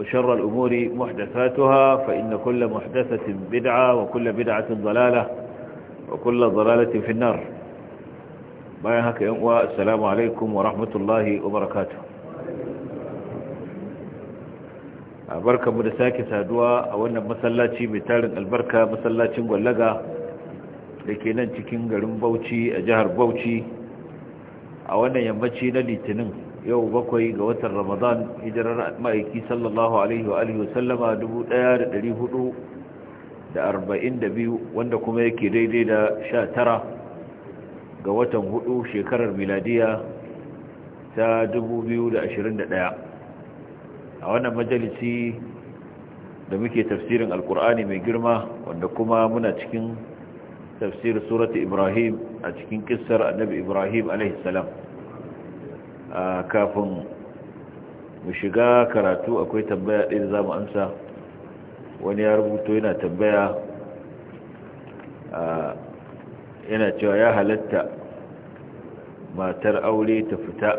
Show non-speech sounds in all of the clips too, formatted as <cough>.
وشر الأمور محدثاتها فإن كل محدثة بدعة وكل بدعة ضلالة وكل ضلالة في النار بايا هكا ينقوى السلام عليكم ورحمة الله وبركاته بركة مدساكة سادوا أولا مسلاتي بتال البركة مسلاتي مولغة لكي ننتكين غرم بوتي أجهر بوتي أولا يمتي للي تنم yau bakwai ga watan ramadan hijirar ma'aiki sallallahu alaihi wa alihi 1442 wanda kuma yake daidai da 19 ga watan hudu shekarar miladiya ta 2021 a wannan majalisi da muke tafsirin alkur'ani mai girma wanda kuma muna cikin tafsir surati ibrahim a cikin kissar annabi ibrahim alaihi salam kafin mu shiga karatu akwai tambaya ɗaya da za mu amsa wani ya rubuto yana tambaya yana cewa ya halatta matar aure ta fita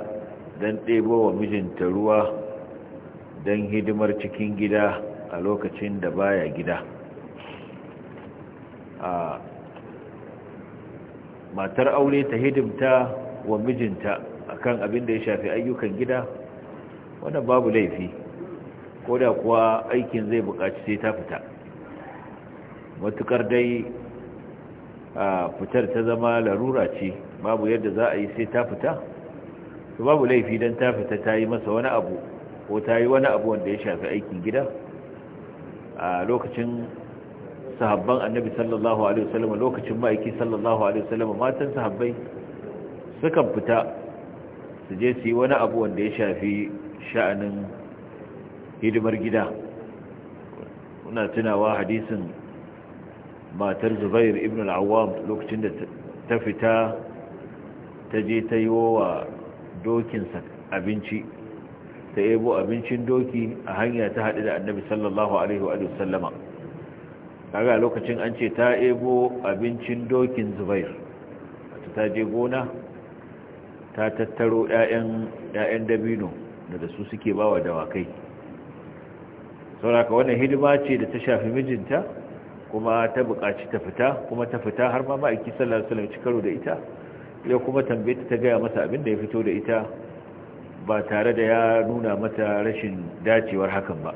don ɗebo wa mijinta ruwa don hidimar cikin gida a lokacin da baya gida matar aure ta hidimta wa mijinta akan abin da ya shafi ayyukan gida wanda babu laifi ko da kuwa aikin zai bukaci sai ta fita matukar dai a fitar ta zama larura ce babu yadda za a yi sai ta fita to babu laifi don ta fita ta yi masa wani abu ko ta yi wani abu wanda ya shafi aikin gida a lokacin sahabban annabi sallallahu alaihi wasallam lokacin ma'aiki sallallahu alaihi wasallam matan sahabbai sukan fita su je su yi wani abu wanda ya shafi sha'anin hidimar gida kuna tunawa hadisin matar zubair ibn al'awam lokacin da ta fita ta je ta yi wa dokinsa abinci ta ebo abincin doki a hanya ta haɗu da annabi sallallahu alaihi wa sallama kaga lokacin an ce ta ebo abincin dokin zubair ta je gona ta tattaro 'ya'yan dabino da su suke bawa dawakai sauraka wannan hidima ce da ta shafi mijinta kuma ta buƙaci ta fita kuma ta fita har ma ma'aiki sallar salam ci karo da ita ya kuma tambaye ta gaya masa abin da ya fito da ita ba tare da ya nuna mata rashin dacewar hakan ba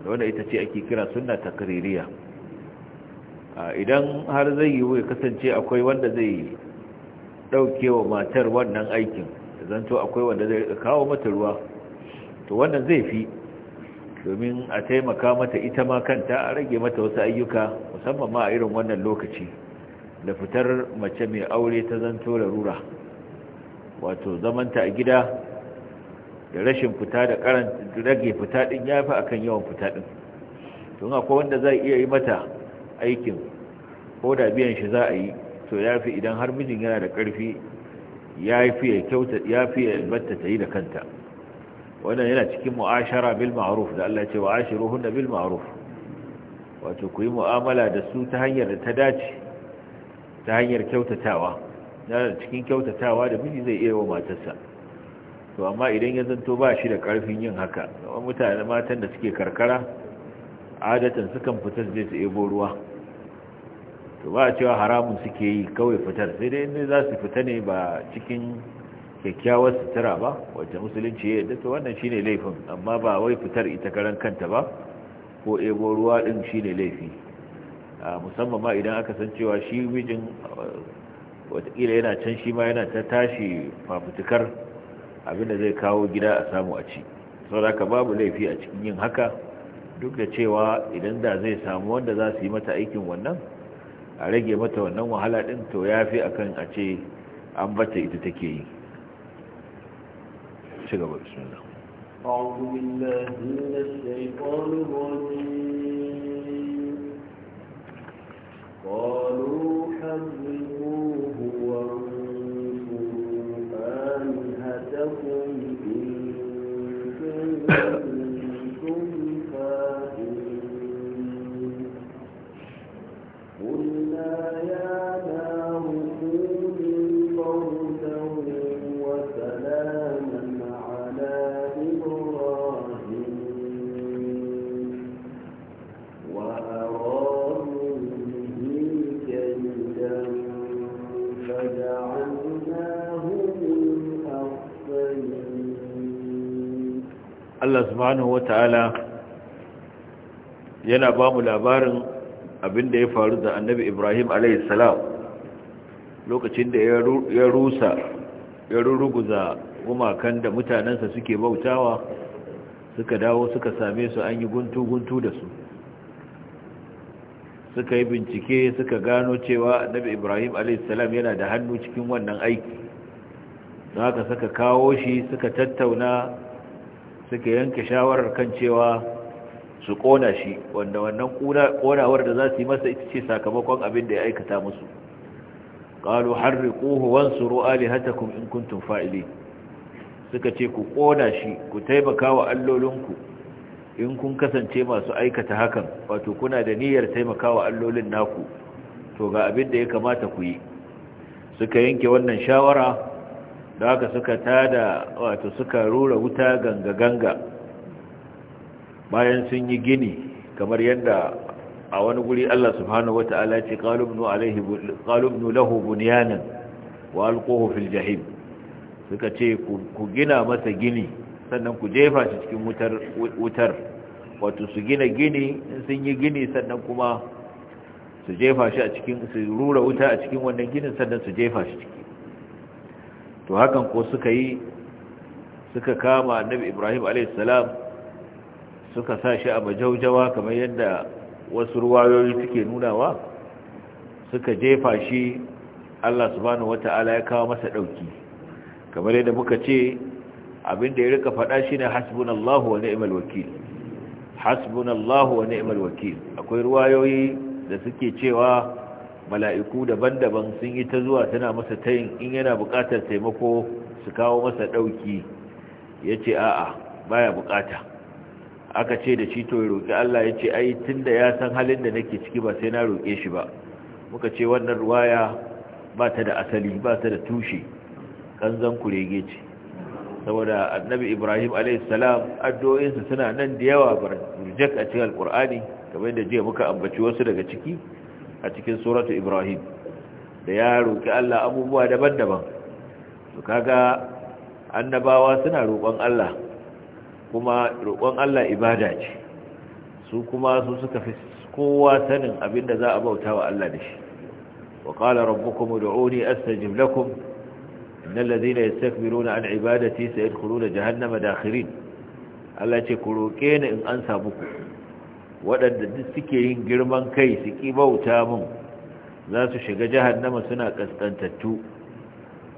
da wanda ita ce ake kira sunna takririya idan har zai yi ya kasance akwai wanda zai ɗaukewa matar wannan aikin zan to akwai wanda zai kawo mata ruwa to wannan zai fi domin a taimaka mata ita ma kanta a rage mata wasu ayyuka musamman ma a irin wannan lokaci da fitar mace mai aure ta zan zanto larura wato zamanta a gida da rashin fita da karan rage fita din ya fi akan yawan fita din don akwai wanda zai iya yi mata aikin ko da biyan shi za a yi to ya fi idan har mijin yana da ƙarfi ya fi ya kyauta ya fi ya batta ta yi da kanta wannan yana cikin mu'ashara bil ma'ruf da Allah ya ce wa ashiruhunna bil ma'ruf wato ku yi mu'amala da su ta hanyar da ta dace ta hanyar kyautatawa yana cikin kyautatawa da miji zai iya wa matarsa to amma idan ya zanto ba shi da ƙarfin yin haka mutane matan da suke karkara adatan sukan fitar zai su ebo ruwa to ba a cewa haramun suke yi kawai fitar sai dai inda za su fita ne ba cikin kyakkyawar sutura ba wacce musulunci ya yadda wannan shine laifin amma ba wai fitar ita karan kanta ba ko ebo ruwa din shine laifi musamman ma idan aka san cewa shi mijin uh, watakila yana can shi ma yana ta tashi fafutukar abinda zai kawo gida a samu a ci ka babu laifi a cikin yin haka duk da cewa idan da zai samu wanda za su yi mata aikin wannan a rage mata wannan wahala ɗin to ya fi akan a ce an bata ita take yi ci bismillah أعوذ بالله من الشيطان الرجيم قالوا حذبوه آلهتكم إن Allah subhanahu wa ta'ala yana ba mu labarin abin da ya faru da annabi ibrahim alaihissalam lokacin da ya rusa ya gumakan da mutanensa suke bautawa suka dawo suka same su an yi guntu-guntu da su suka yi bincike suka gano cewa annabi ibrahim alaihissalam yana da hannu cikin wannan aiki don haka suka kawo shi suka tattauna suka yanke shawarar kan cewa su ƙona shi wanda wannan konawar da za su yi masa ita ce sakamakon abin da ya aikata musu qalu harriquhu wansuru alihatakum in kuntun fa’ili suka ce ku ƙona shi ku taimaka wa allolinku in kun kasance masu aikata hakan wato kuna da niyyar taimaka wa allolin naku to ga abin da ya kamata ku yi suka yanke wannan shawara da haka suka tada wato suka rura wuta ganga ganga bayan sun yi gini kamar yadda a wani guri Allah subhanahu ta'ala ce qalubnu qalubnu lahu bunyanan wa alquhu fil jahim suka ce ku gina masa gini sannan ku jefa shi cikin wutar wutar wato su gina gini in sun yi gini sannan kuma su jefa shi a cikin su rura wuta a cikin wannan ginin sannan su jefa shi ciki to hakan ko suka yi suka kama annabi Ibrahim alaihi salam suka sa shi a majaujawa kamar yadda wasu ruwayoyi suke nunawa suka jefa shi Allah subhanahu wata'ala ya kawo masa dauki kamar yadda muka ce abinda ya rika faɗa shine hasbunallahu wa ni'mal wakil hasbunallahu wa ni'mal wakil akwai ruwayoyi da suke cewa mala'iku daban-daban sun yi ta zuwa tana masa tayin in yana buƙatar taimako su kawo masa dauki yace a'a baya buƙata aka ce da shi to ya roƙi Allah ya ce ai tunda ya san halin da nake ciki ba sai na roƙe shi ba muka ce wannan ruwaya ba ta da asali ba ta da tushe kanzan kurege ce saboda annabi ibrahim addu'o'in addu'o'insa suna nan da yawa jak a cikin alkur'ani kamar da jiya muka ambaci wasu daga ciki a cikin suratu ibrahim da ya roƙi allah abubuwa daban-daban to kaga annabawa suna roƙon allah kuma roƙon Allah ibada ce su kuma su suka fi kowa sanin abin da za a bauta wa Allah da shi wa qala rabbukum ud'uni astajib lakum innal ladhina yastakbiruna an ibadati sayadkhuluna jahannama dakhirin Allah ce ku roke ni in an samu ku waɗanda duk suke yin girman kai su ki bauta mun za su shiga jahannama suna kaskantattu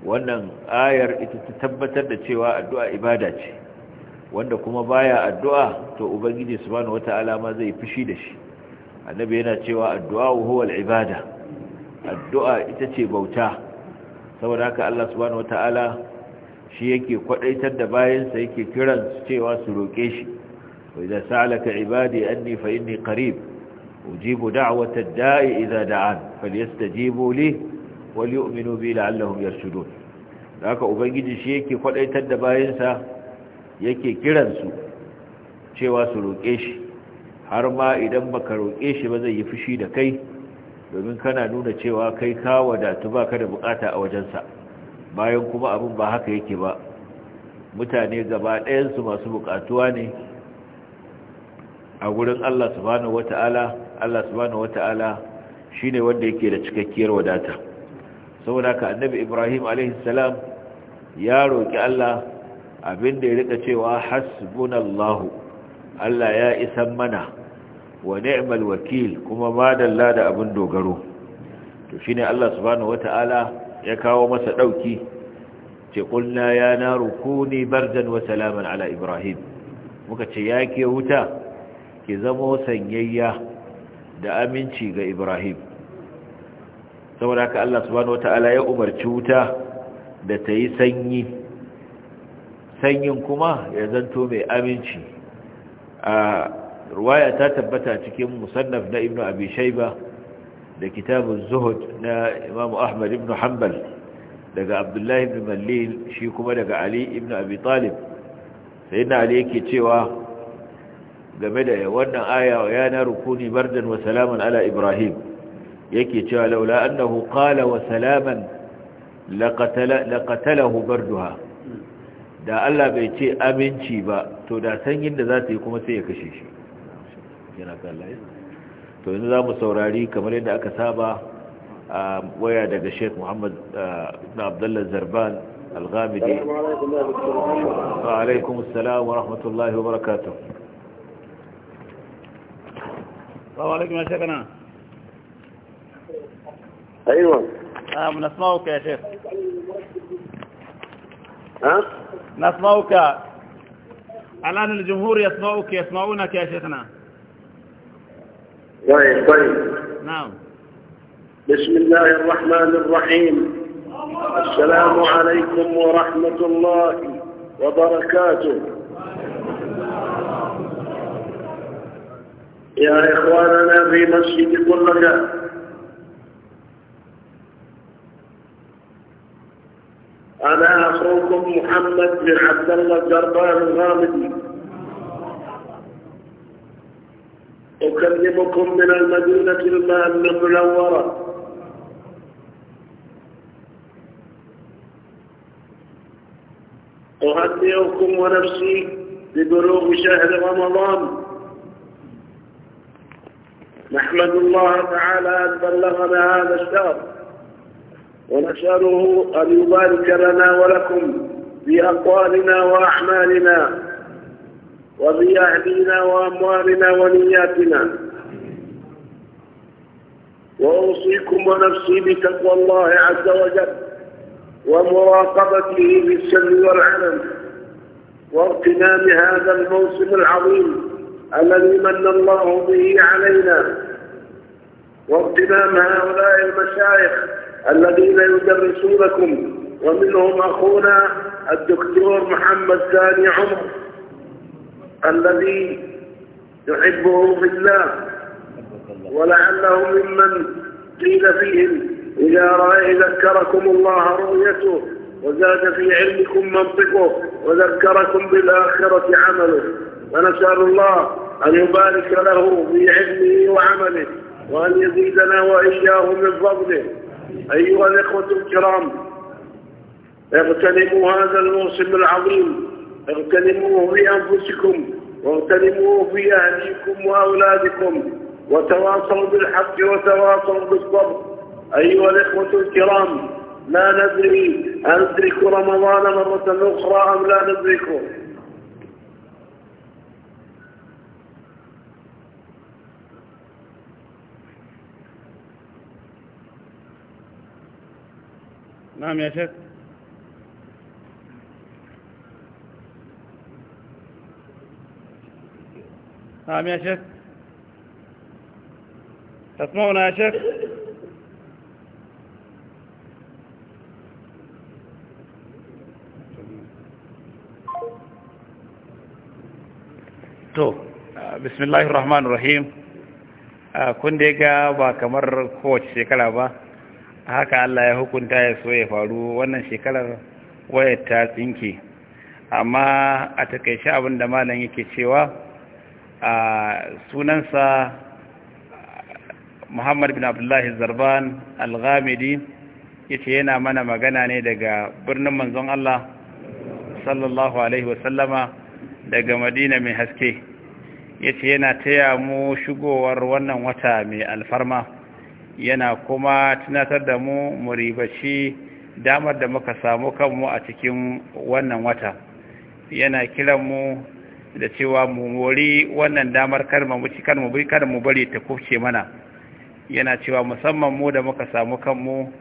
wannan ayar ita ta tabbatar da cewa addu'a ibada ce wanda kuma baya addu'a to ubangiji subhanahu wata'ala ma zai fushi da shi annabi yana cewa addu'a huwa ibada addu'a ita ce bauta saboda haka Allah subhanahu wata'ala shi yake kwadaitar da bayansa yake kiran su cewa su roke shi wa idza sa'alaka ibadi anni fa inni qarib ujibu da'wata ad-da'i idza da'an falyastajibu li wa liyu'minu bi la'allahum yarshudun haka ubangiji shi yake kwadaitar da bayansa yake kiransu cewa su roƙe shi har ma idan baka roƙe shi ba zai yi fushi da kai domin kana nuna cewa kai ka wadatu ba ka da bukata a wajensa bayan kuma abin ba haka yake ba mutane gaba ɗayansu masu bukatuwa ne a gurin Allah subhanahu wata'ala Allah subhanahu wata'ala shine wanda yake da cikakkiyar wadata saboda haka annabi Ibrahim alaihi ya roki Allah abinda ya rika cewa hasbunallahu Allah ya isan mana wa ni'mal wakil kuma madalla da abin dogaro to shine Allah subhanahu wataala ya kawo masa dauki ce kulna ya naru kuni bardan wa salaman ala ibrahim muka ce yake wuta ki zamo sanyayya da aminci ga ibrahim saboda haka Allah subhanahu wataala ya umarci wuta da ta yi sanyi sanyin kuma ya zanto mai aminci a ruwaya ta tabbata cikin musannaf na ibnu abi da kitabun zuhud na imamu ahmad ibnu hanbal daga abdullahi ibn mallil shi kuma daga ali Ibnu abi talib sai na ali yake cewa game da wannan aya ya na rukuni bardan wa salaman ala ibrahim yake cewa laula annahu qala wa salaman laqatalahu barduha da Allah bai ce aminci ba to da sanyin da za ta yi kuma sai ya kashe shi yana kallaye to yanzu za mu saurari kamar yadda aka saba a waya daga sheik muhammad ibn abdullah zarban al-ghamidi wa alaikum assalam wa rahmatullahi wa barakatuh wa alaikum assalam ايوه اه ka ya شيخ ها نسمعك الآن الجمهور يسمعك يسمعونك يا شيخنا طيب طيب نعم بسم الله الرحمن الرحيم السلام عليكم ورحمة الله وبركاته يا إخواننا في مسجد كلنا أنا أخوكم محمد بن عبد الله الجربان الغامدي أكلمكم من المدينة المنورة أهدئكم ونفسي ببلوغ شهر رمضان نحمد الله تعالى أن بلغنا هذا الشهر ونسأله أن يبارك لنا ولكم في أقوالنا وأعمالنا وفي أهلنا وأموالنا ونياتنا وأوصيكم ونفسي بتقوى الله عز وجل ومراقبته بالسر والعلم واغتنام هذا الموسم العظيم الذي من الله به علينا واغتنام هؤلاء المشايخ الذين يدرسونكم ومنهم أخونا الدكتور محمد ثاني عمر الذي يحبه في الله ولعله ممن قيل فيهم إذا رأى ذكركم الله رؤيته وزاد في علمكم منطقه وذكركم بالآخرة عمله ونسأل الله أن يبارك له في علمه وعمله وأن يزيدنا وإياه من فضله أيها الإخوة الكرام اغتنموا هذا الموسم العظيم اغتنموه بأنفسكم واغتنموه في أهليكم وأولادكم وتواصلوا بالحق وتواصلوا بالصبر أيها الإخوة الكرام لا ندري أندرك رمضان مرة أخرى أم لا ندركه نعم يا شيخ نعم يا شيخ تسمعنا يا شيخ to bismillahir rahmanir rahim kun dai ga ba kamar kowace shekara ba haka Allah ya hukunta ya so ya faru wannan shekarar wayar ta tsinke amma a takaice abin da malam yake cewa a sunansa Muhammad bin Abdullahi Zarban Al-Ghamidi yace yana mana magana ne daga birnin manzon Allah sallallahu alaihi wasallama daga Madina mai haske yace yana taya mu shigowar wannan wata mai alfarma yana kuma tunatar da mu muribashi damar da muka samu kanmu a cikin wannan wata yana kiran mu da cewa mu mori wannan damar karma mu cikar mu bari ta kufce mana yana cewa musamman mu da muka samu kanmu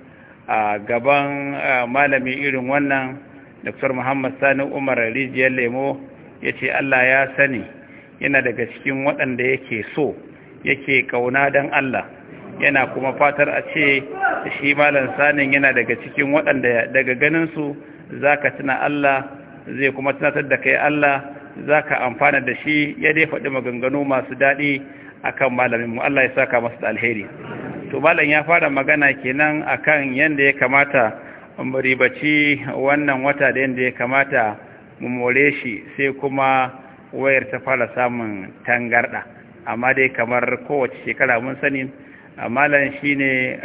a gaban malamin irin wannan Dr. Muhammad Sani Umar Rijiyar Lemo ya ce Allah ya sani yana daga cikin waɗanda yake so yake ƙauna don Allah yana kuma fatar a ce shi malam sanin yana daga cikin waɗanda daga ganinsu za ka tuna Allah zai kuma tunatar da kai Allah za ka amfana da shi ya dai faɗi maganganu masu daɗi a kan mu, Allah ya saka masu da alheri to malam ya fara magana kenan a kan yadda ya kamata ribaci wannan wata da yadda ya kamata mu more shi sai kuma wayar ta fara samun tangarɗa amma dai kamar kowace shekara mun sani malam shine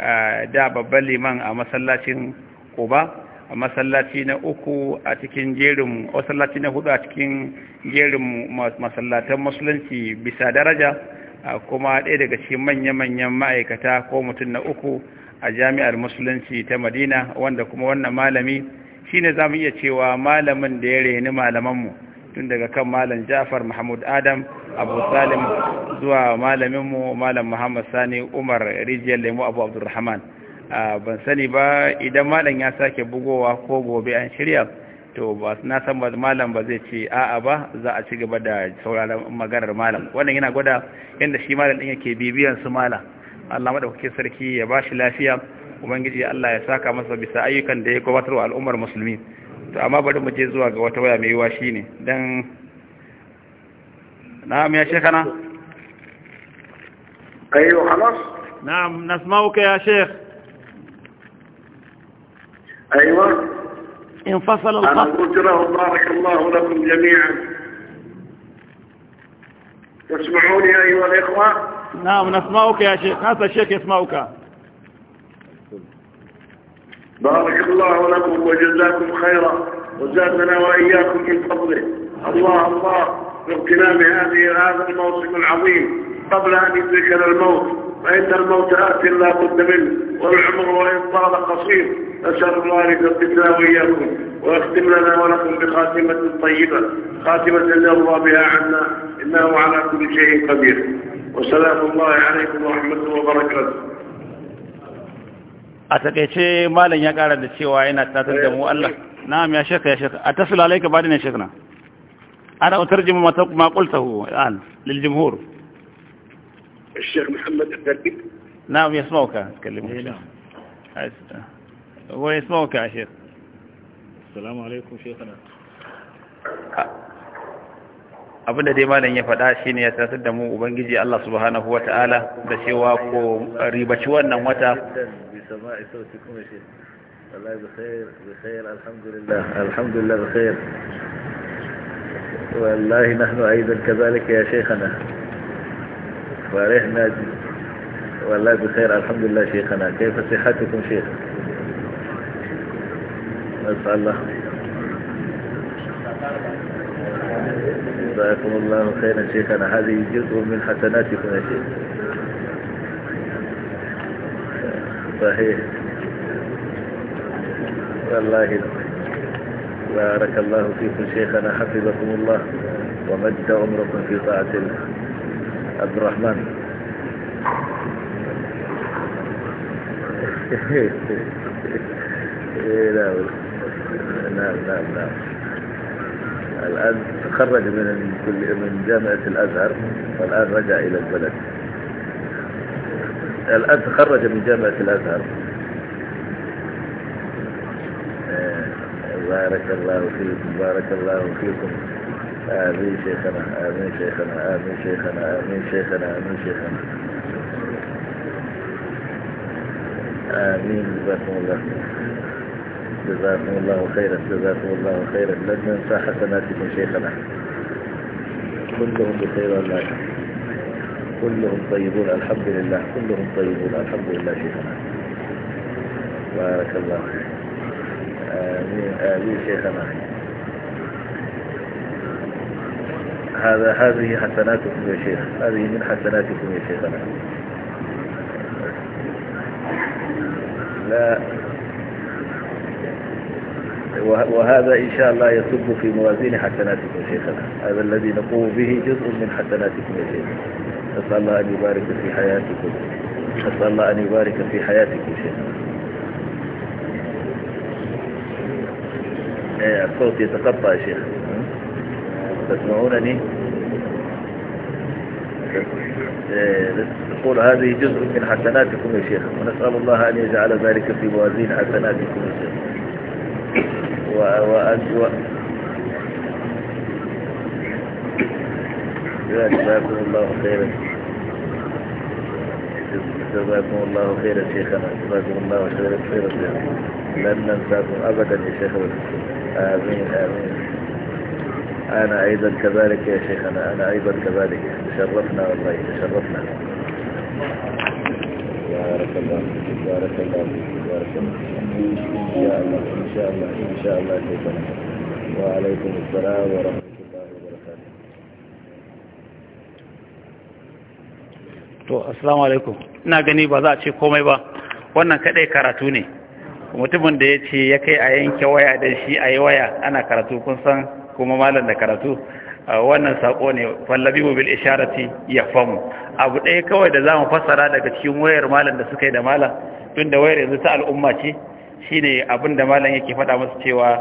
da babban liman a masallacin Quba a masallaci na uku a cikin jerin masallaci na hudu a cikin jerin masallatan musulunci bisa daraja kuma ɗaya daga cikin manya-manyan ma'aikata ko mutum na uku a jami'ar musulunci ta madina wanda kuma wannan malami shine za mu iya cewa malamin da ya reni malamanmu tun daga kan malam Jafar Mahmud Adam Abu Salim zuwa malaminmu malam Muhammad Sani Umar Rijiyar Lemu Abu Abdulrahman ban sani ba idan malam ya sake bugowa ko gobe an shirya to ba na san ba malam ba zai ce a'a ba za a ci gaba da sauraron maganar malam wannan yana gwada yadda shi malam din yake bibiyan su malam Allah madaukakin sarki ya bashi lafiya ubangiji Allah ya saka masa bisa ayyukan da ya gabatar wa al'ummar musulmi to amma bari mu je zuwa ga wata waya mai yiwa shi ne don na'am ya sheka na? kai na'am na uka ya shek in a nan kujira wa barakallahu da kun jami'an ma'auni ya yi wa na'am na uka ya shek ya بارك الله لكم وجزاكم خيرا وزادنا وإياكم من فضله الله الله باغتنام هذه هذا الموسم العظيم قبل أن يدركنا الموت فإن الموت آت لا بد منه والعمر وإن طال قصير نسأل الله أن يثبتنا وإياكم ويختم لنا ولكم بخاتمة طيبة خاتمة يرضى بها عنا إنه على كل شيء قدير وسلام الله عليكم ورحمته وبركاته a takaice malam ya kara da cewa yana tatar da mu Allah na'am ya shaka ya shaka ataslu alayka ba'da ne shakna ana utarjimu ma ma qultahu al'an lil jumhur الشيخ محمد الدربي نعم يسمعك dai malam ya faɗa shine ya tasir da mu ubangiji Allah subhanahu wataala da cewa ko ribaci wannan wata سماع صوتكم يا شيخ والله بخير بخير الحمد لله الحمد لله بخير والله نحن أيضا كذلك يا شيخنا فرحنا والله بخير الحمد لله شيخنا كيف صحتكم شيخ نسأل الله جزاكم الله خيرا شيخنا هذه جزء من حسناتكم يا شيخ صحيح والله بارك الله فيكم شيخنا حفظكم الله ومد عمركم في طاعة الله عبد الرحمن إيه، نعم،, نعم نعم نعم الآن تخرج من من جامعة الأزهر والآن رجع إلى البلد الآن تخرج من جامعة الأزهر آه، بارك الله فيكم بارك الله فيكم آمين شيخنا آمين شيخنا آمين شيخنا آمين شيخنا آمين شيخنا آمين جزاكم الله جزاكم الله خيرا جزاكم الله خيرا لن ننسى حسناتكم شيخنا كلهم بخير الله كلهم طيبون الحمد لله كلهم طيبون الحمد لله شيخنا بارك الله آمين آمين شيخنا هذا هذه حسناتكم يا شيخ هذه من حسناتكم يا شيخنا لا وهذا إن شاء الله يصب في موازين حسناتكم شيخنا هذا الذي نقوم به جزء من حسناتكم يا شيخنا أسأل الله أن يبارك في حياتكم أسأل الله أن يبارك في حياتكم شيخنا إيه، الصوت يتقطع يا شيخ تسمعونني تقول إيه، هذه جزء من حسناتكم يا شيخ ونسأل الله أن يجعل ذلك في موازين حسناتكم يا شيخ و... و... و... جزاكم الله خيرا جزاكم الله خيرا شيخنا جزاكم الله خيرا خيرا لن ننساكم أبدا يا شيخنا آمين آمين أنا أيضا كذلك يا شيخنا أنا أيضا كذلك تشرفنا والله تشرفنا بارك الله فيك بارك الله فيك بارك الله فيك إن شاء الله إن شاء الله إن شاء الله وعليكم السلام ورحمة الله to assalamu alaikum ina gani ba za a ce komai ba wannan kadai karatu ne mutumin da ya ce ya kai a yanke waya da shi a yi waya ana karatu kun san kuma malam da karatu wannan sako ne fallabi mu bil isharati ya famu abu ɗaya kawai da zamu fassara daga cikin wayar malam da suka yi da malam tun da wayar yanzu ta al'umma ce shine abin da malam yake faɗa musu cewa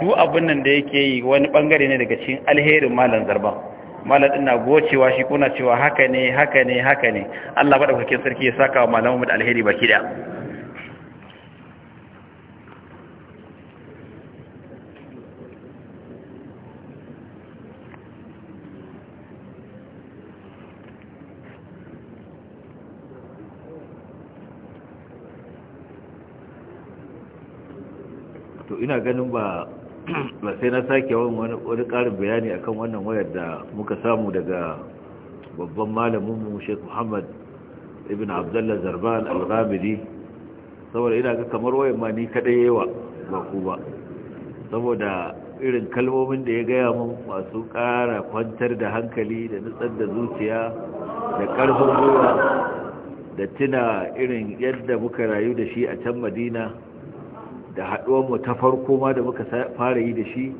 duk abin nan da yake yi wani bangare ne daga cikin alherin malam zarban malam din na gocewa shi kuna cewa haka ne haka ne haka ne Allah madaukakin sarki ya saka wa malamu da alheri baki da to ina ganin ba ba sai na sake wani ƙarin bayani akan wannan wayar da muka samu daga babban malaminmu sheikh muhammad ibn abdullah zarban al-ghamidi saboda ina ga kamar wayar ma ni kaɗai yawa ba ku ba saboda irin kalmomin da ya gaya mun masu ƙara kwantar da hankali da nutsar da zuciya da ƙarfin gwiwa da tuna irin yadda muka rayu da shi a can madina da mu ta farko ma da muka fara yi da shi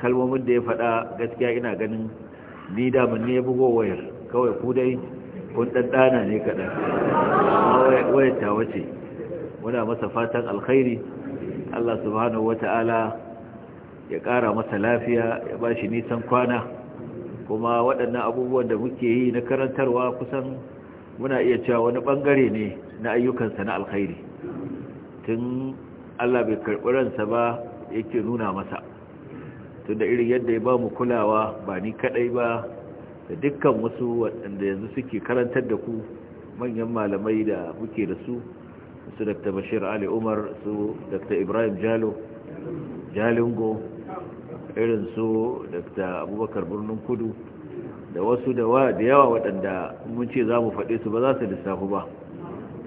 kalmomin da ya faɗa gaskiya ina ganin ni damun ne ya bugo wayar kawai ku dai kun ɗanɗana ne kaɗan wayar ta wace muna masa fatan alkhairi Allah subhanahu wa ta'ala ya ƙara masa lafiya ya ba shi nisan kwana kuma waɗannan abubuwan da muke yi na karantarwa kusan muna iya cewa wani ɓangare ne na ayyukansa na alkhairi tun Allah bai karɓi ransa ba yake nuna masa da irin yadda ya ba mu kulawa ba ni kadai ba da dukkan wasu waɗanda yanzu suke karantar da ku manyan malamai da muke da su su dr bashir ali umar su dr ibrahim jalo jalingo irin su dr abubakar birnin kudu da wasu da yawa waɗanda mun ce za mu faɗe su ba za su lissafi ba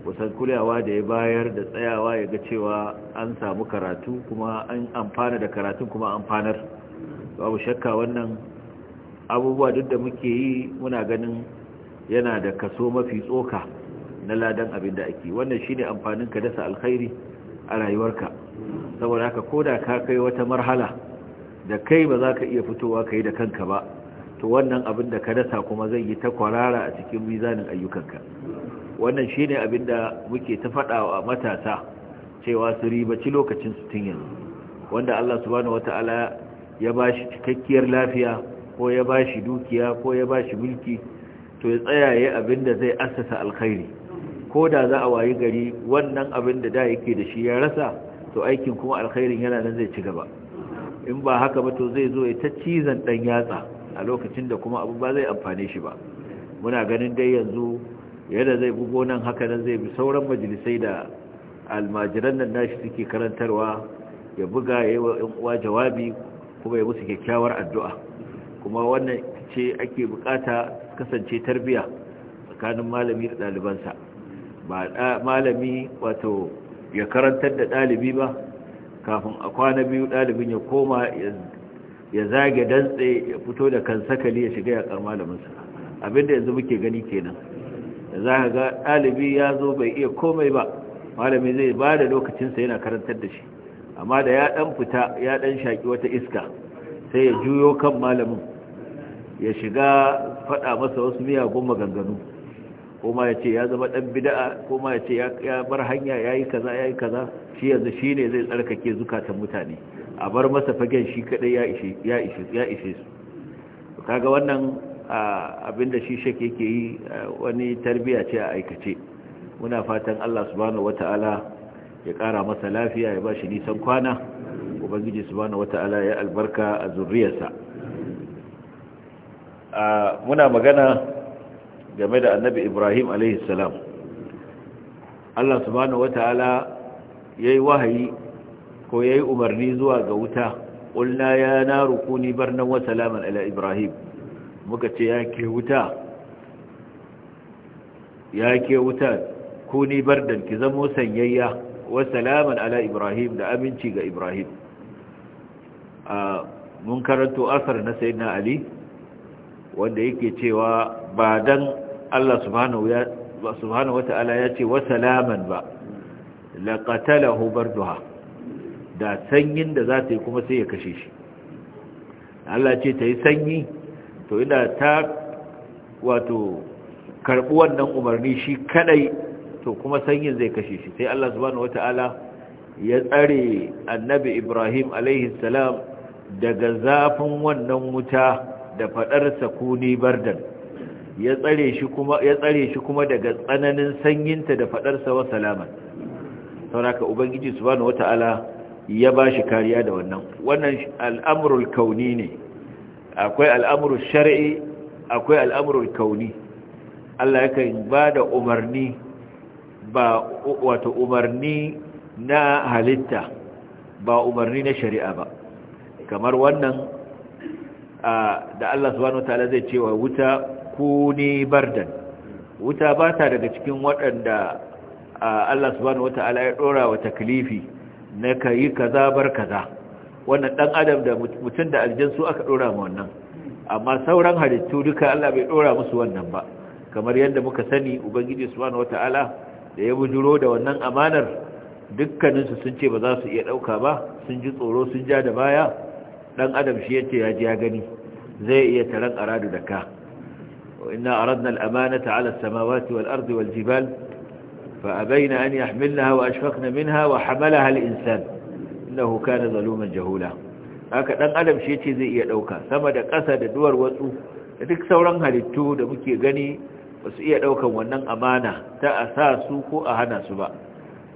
kusan kulawa da ya bayar da tsayawa ya ga cewa an samu karatu kuma an amfana da karatun kuma amfanar babu shakka wannan abubuwa duk da muke yi muna ganin yana da kaso mafi tsoka na ladan abin da ake wannan shine amfanin ka dasa alkhairi a rayuwarka saboda haka ko da ka kai wata marhala da kai ba za ka iya fitowa ka yi da kanka ba to wannan abin da ka dasa kuma zai yi ta kwarara a cikin mizanin ayyukanka wannan shine abin da muke ta faɗawa matasa cewa su ribaci lokacin su tun yanzu wanda Allah subhanahu wata'ala ya ba shi cikakkiyar lafiya ko ya ba shi dukiya ko ya ba shi mulki to ya tsaya ya abin da zai assasa alkhairi ko da za a wayi gari wannan abin da da yake da shi ya rasa to aikin kuma alkhairin yana nan zai ci gaba in ba haka ba to zai zo ya ta cizon dan yatsa a lokacin da kuma abu ba zai amfane shi ba muna ganin dai yanzu yadda zai bugo nan haka nan zai bi sauran majalisai da almajiran nan nashi suke karantarwa ya buga ya yi wa uwa jawabi kuma ya musu kyakkyawar addu'a kuma wannan ce ake bukata kasance tarbiya tsakanin malami da ɗalibansa ba malami wato ya karantar da ɗalibi ba kafin a kwana biyu ɗalibin ya koma ya zage dantse ya fito da sakali ya shiga ya malaminsa abinda yanzu muke gani kenan da za ka ga ɗalibi ya zo bai iya komai ba malami zai ba da lokacinsa yana karantar da shi amma da ya ɗan fita ya ɗan shaƙi wata iska sai ya juyo kan malamin ya shiga faɗa masa wasu miyagun maganganu kuma ya ce ya zama ɗan bida'a kuma ya ce ya bar hanya ya yi kaza ya yi kaza shi yanzu shi ne zai tsarkake zukatan mutane a bar masa fagen shi kaɗai ya ishe su kaga wannan abinda shi shek yake yi wani tarbiya ce a aikace muna fatan Allah subhanahu wata'ala ya kara masa lafiya ya ba shi nisan kwana ubangiji subhanahu wata'ala ya albarka a zurriyarsa muna magana game da annabi Ibrahim alaihi Allah subhanahu wata'ala yayi wahayi ko yayi umarni zuwa ga wuta qulna ya naru kuni barnan wa ala ibrahim muka ce ya ke wuta ya ke wuta ku ni bardan ki zamo sanyayya wa salaman ala ibrahim da aminci ga ibrahim a mun karanto asar na sayyidina ali wanda yake cewa ba dan Allah subhanahu wa ta'ala ya ce wa salaman ba laqatalahu barduha da sanyin da za ta yi kuma sai ya kashe shi Allah ce ta yi sanyi to ina ta wato karɓi wannan umarni shi kadai to kuma sanyin zai kashe shi sai Allah subhanahu wata'ala ya tsare annabi Ibrahim alaihi salam daga zafin wannan wuta da fadar sakuni bardan ya tsare shi kuma ya tsare shi kuma daga tsananin sanyinta da fadar sa wa salama saboda ubangiji subhanahu wata'ala ya bashi kariya da wannan wannan al'amrul kauni ne akwai al'amuru shari'i akwai al'amuru kauni Allah yakan ba da umarni ba wata umarni na halitta ba umarni na shari'a ba kamar wannan da Allah subhanahu ta'ala zai ce wa wuta kuni bardan wuta ba ta daga cikin waɗanda Allah subhanahu wataala ya ɗora wa taklifi na kayi kaza bar kaza wannan dan adam da mutum da aljan aka dora mu wannan amma sauran halittu duka Allah bai dora musu wannan ba kamar yadda muka sani ubangiji subhanahu wataala da ya bujuro da wannan amanar dukkanin su sun ce ba za su iya dauka ba sun ji tsoro sun ja da baya dan adam shi yace ya ji ya gani zai iya taran aradu da ka inna aradna al-amanata ala as-samawati wal-ardi wal-jibal fa abayna an yahmilnaha wa ashfaqna minha wa hamalaha al-insan innahu kana zaluman jahula haka dan adam shi ce zai iya dauka sama da kasa da duwar watsu da duk sauran halittu da muke gani ba iya daukan wannan amana ta a sa su ko a hana su ba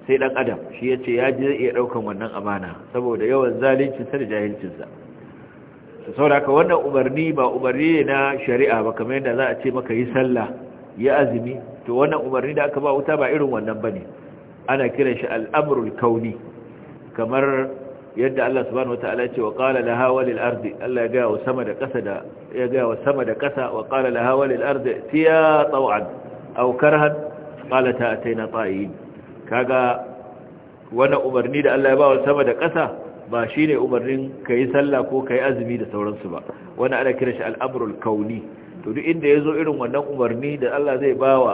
sai dan adam shi yace ya ji zai iya daukan wannan amana saboda yawan zalincin da jahilcin sa sauraka wannan umarni ba umarni ne na shari'a ba kamar yadda za a ce maka yi sallah ya azumi to wannan umarni da aka ba wuta ba irin wannan bane ana kiran shi al'amrul kauni kamar yadda Allah subhanahu wata'ala ce wa qala laha walil ardi Allah ya gaya wa sama da kasa da ya ga sama da kasa wa qala laha walil ardi tiya taw'an aw qala ta ataina ta'in kaga wannan umarni da Allah ya ba wa sama da kasa ba shine umarnin kai sallah ko kai azumi da sauransu ba wannan ana kira shi al'amrul kauni to duk inda yazo irin wannan umarni da Allah zai bawa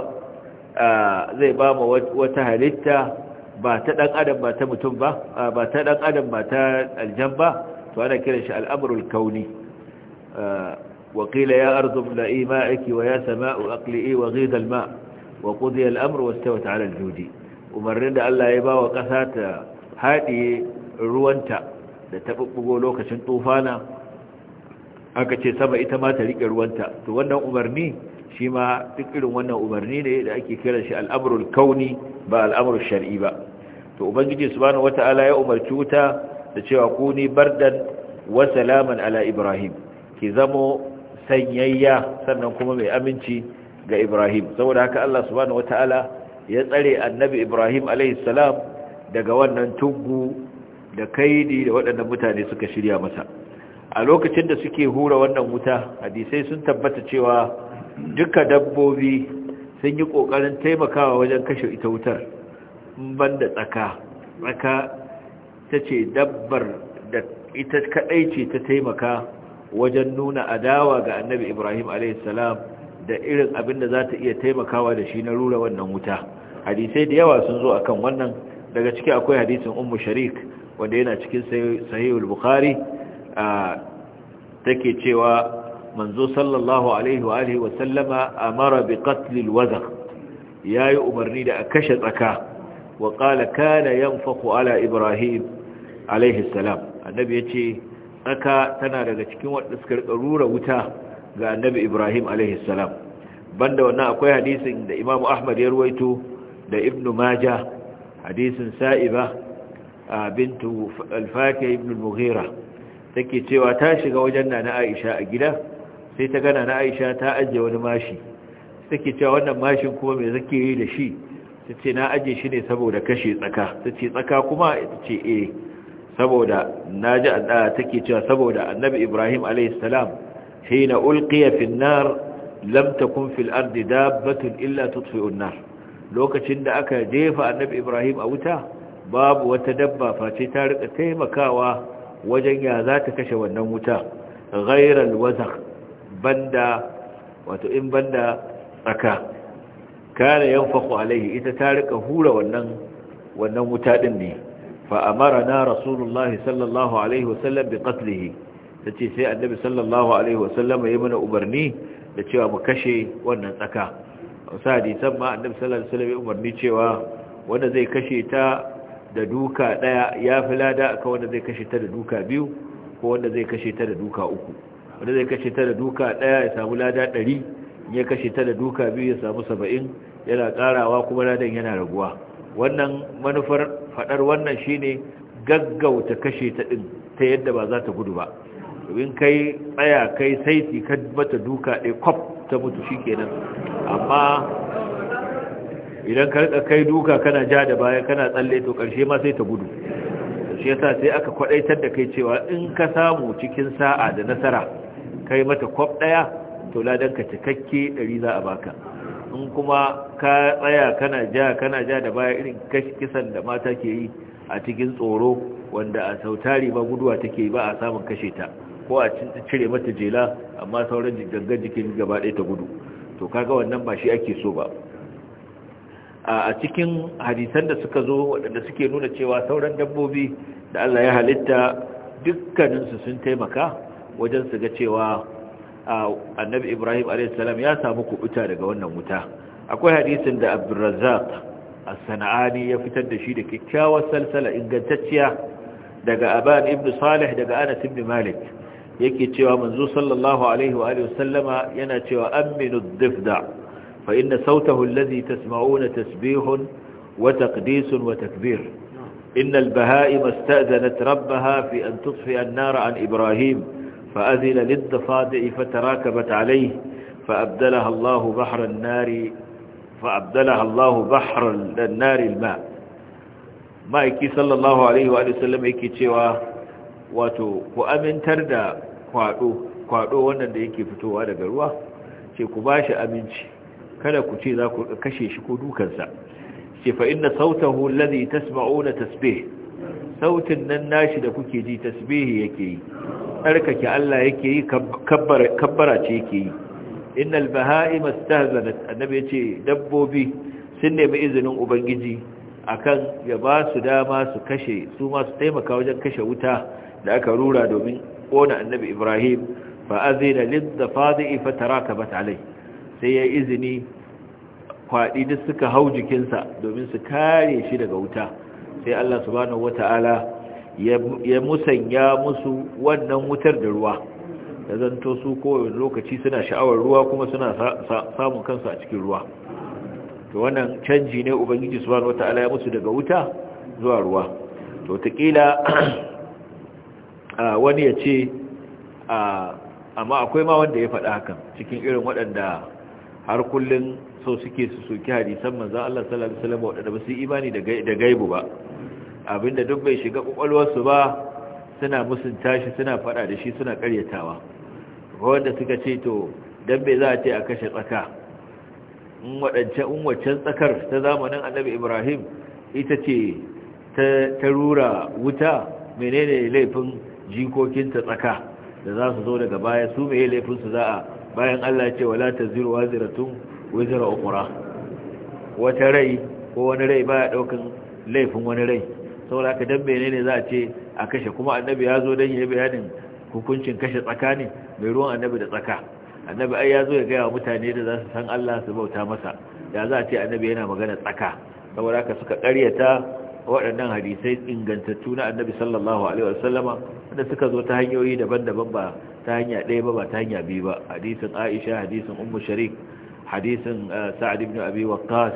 zai ba mu wata halitta ba ta dan adam ba ta mutum ba ba ta dan adam ba ta aljan ba to ana kiran shi al'amrul kauni wa ya ardu la'i wa ya sama'u aqli'i wa ghidha ma wa qudiya al-amru wastawat 'ala al umarnin da Allah ya ba wa kasa ta haɗiye ruwanta da ta lokacin tufana aka ce sama ita ma ta rike ruwanta to wannan umarni shi ma duk irin wannan umarni ne da ake kiran shi al'amurul kauni ba al'amurul shari'i ba to ubangiji subhanahu wata'ala ya umarci wuta da cewa kuni bardan wa salaman ala ibrahim ki zamo sanyayya sannan kuma mai aminci ga ibrahim saboda haka Allah subhanahu wata'ala ya tsare annabi ibrahim alaihi salam daga wannan tugu da kaidi da waɗannan mutane suka shirya masa a lokacin da suke hura wannan wuta hadisai sun tabbata cewa duka dabbobi sun yi ƙoƙarin taimakawa wajen kashe ita wutar banda tsaka tsaka ta ce dabbar da ita kadai ce ta taimaka wajen nuna adawa ga annabi ibrahim alaihissalam da irin abin da za ta iya taimakawa da shi na rura wannan wuta hadisai da yawa sun zo a kan wannan daga ciki akwai hadisin ummu sharik wanda yana cikin sahihul bukhari take cewa manzo sallallahu alaihi wa alihi wa sallama amara bi qatlil yayi umarni da a kashe tsaka wa kala kana faku ala ibrahim alaihi salam annabi ya ce tsaka tana daga cikin wadda suka rura wuta ga annabi ibrahim alaihi salam banda wannan akwai hadisin da imamu ahmad ya ruwaito da ibnu maja hadisin sa'iba a bintu alfaki fakih ibn mughira take cewa ta shiga wajen nana Aisha a gida sai ta gana na Aisha ta ajiye wani mashi take cewa wannan mashin kuma me zake yi da shi ta ce na aje shi ne saboda kashe tsaka ta ce tsaka kuma ta ce e saboda na ji take cewa saboda annabi ibrahim alaihissalam shi na ulkiya finnar lamta kun fil'ar da dabbatun illa tutfi'un unnar lokacin da aka jefa annabi ibrahim a wuta babu wata dabba face ta rika taimakawa wajen ya za ta kashe wannan wuta ghairal wazakh banda wato in banda tsaka kana yanfaku alaihi ita ta rika hura wannan wannan wuta din ne fa amarna rasulullahi sallallahu alaihi wasallam bi ta ce sai annabi sallallahu alaihi wasallam yi mana umarni da cewa mu kashe wannan tsaka sa hadisan ma annabi sallallahu alaihi wasallam ya umarni cewa wanda zai kashe ta da duka daya ya fi lada akan wanda zai kashe ta da duka biyu ko wanda zai kashe ta da duka uku wanda zai kashe ta da duka daya ya samu lada ɗari ya kashe ta da duka biyu ya samu saba'in yana karawa kuma ladan yana raguwa wannan manufar faɗar wannan shine gaggauta kashe ta ɗin ta yadda ba za ta gudu ba domin kai tsaya kai saiti ka mata duka ɗaya kwaf ta mutu shi kenan amma idan ka kai duka kana ja da baya kana tsalle to karshe ma sai ta gudu shi yasa sai aka kwadaitar da kai cewa in ka samu cikin sa'a da nasara kai mata kwaf ɗaya to ladan ka cikakke ɗari za a baka in kuma ka tsaya kana ja kana ja da baya irin kisan da mata ke yi a cikin tsoro wanda a sautari ba guduwa take ba a samun kashe ta ko a cire mata jela amma sauran gangan jikin gaba ɗaya ta gudu to kaga wannan ba shi ake so ba a cikin hadisan da suka zo waɗanda suke nuna cewa sauran dabbobi da Allah ya halitta dukkaninsu sun taimaka wajen su ga cewa annabi ibrahim alaihissalam ya samu kubuta daga wannan wuta akwai hadisin da abdurrazzaq as-sana'ani ya fitar da shi da kyakkyawar salsala ingantacciya daga aban ibn salih daga anas ibn malik yake cewa manzo sallallahu alaihi wa alihi wasallama yana cewa aminu dhifda fa inna sautahu alladhi tasma'una tasbihun wa taqdisun wa takbir inna al-baha'im ista'zanat rabbaha fi an tudfi an-nara an ibrahim فأذن للضفادع فتراكبت عليه فأبدلها الله بحر النار فأبدلها الله بحر النار الماء ما يكي صلى الله عليه وآله وسلم يكي تشيوا واتو وأمن تردى kwaɗo kwaɗo wannan da yake fitowa daga ruwa ce ku ba shi abinci kada ku ce za ku kashe shi ko dukansa ce fa inna sautahu alladhi tasma'una tasbih sautin nan nashi da kuke ji tasbihi yake yi tsarkake Allah yake yi kabbara ce yake yi innal baha'im astahzanat annabi yace dabbobi sun nemi izinin ubangiji akan ya ba su dama su kashe su ma su taimaka wajen kashe wuta da aka rura domin kona annabi Ibrahim fa azina lidzafadi fatarakabat alai sai ya izini kwaɗi duk suka hau jikinsa domin su kare shi daga wuta sai Allah subhanahu wata'ala ya musanya musu wannan wutar da ruwa da zanto su kowane lokaci suna sha'awar ruwa kuma suna samun kansu a cikin ruwa to wannan canji ne ubangiji subhanahu wata'ala ya musu daga wuta zuwa ruwa to takila <clears throat> wani ya ce amma akwai ma wanda ya faɗa hakan cikin irin waɗanda har kullum so suke su soki hadisan manzon Allah sallallahu alaihi wasallam waɗanda ba su yi imani da gaibu ba abinda duk bai shiga kwakwalwarsu ba suna musunta shi suna fada da shi suna karyatawa wanda suka ce to dan bai za a ce a kashe tsaka in waɗancan tsakar ta zamanin annabi ibrahim ita ce ta rura wuta menene laifin jikokin ta tsaka da za su zo daga baya su mai laifinsu za a bayan allah ce wala ta ziru waziratun wizira ukura wata rai ko wani rai baya ɗaukan laifin wani rai sauraka ka dan menene za a ce a kashe kuma annabi ya zo dan yi bayanin hukuncin kashe tsakanin mai ruwan annabi da tsaka annabi ai ya zo ya gaya wa mutane da za su san Allah su bauta masa da za a ce annabi yana magana tsaka saboda haka suka karyata waɗannan hadisai ingantattu na annabi sallallahu alaihi wanda suka zo ta hanyoyi daban-daban ba ta hanya ɗaya ba ba ta hanya biyu ba hadisin Aisha hadisin Ummu Sharik hadisin eh, Sa'ad ibn Abi Waqqas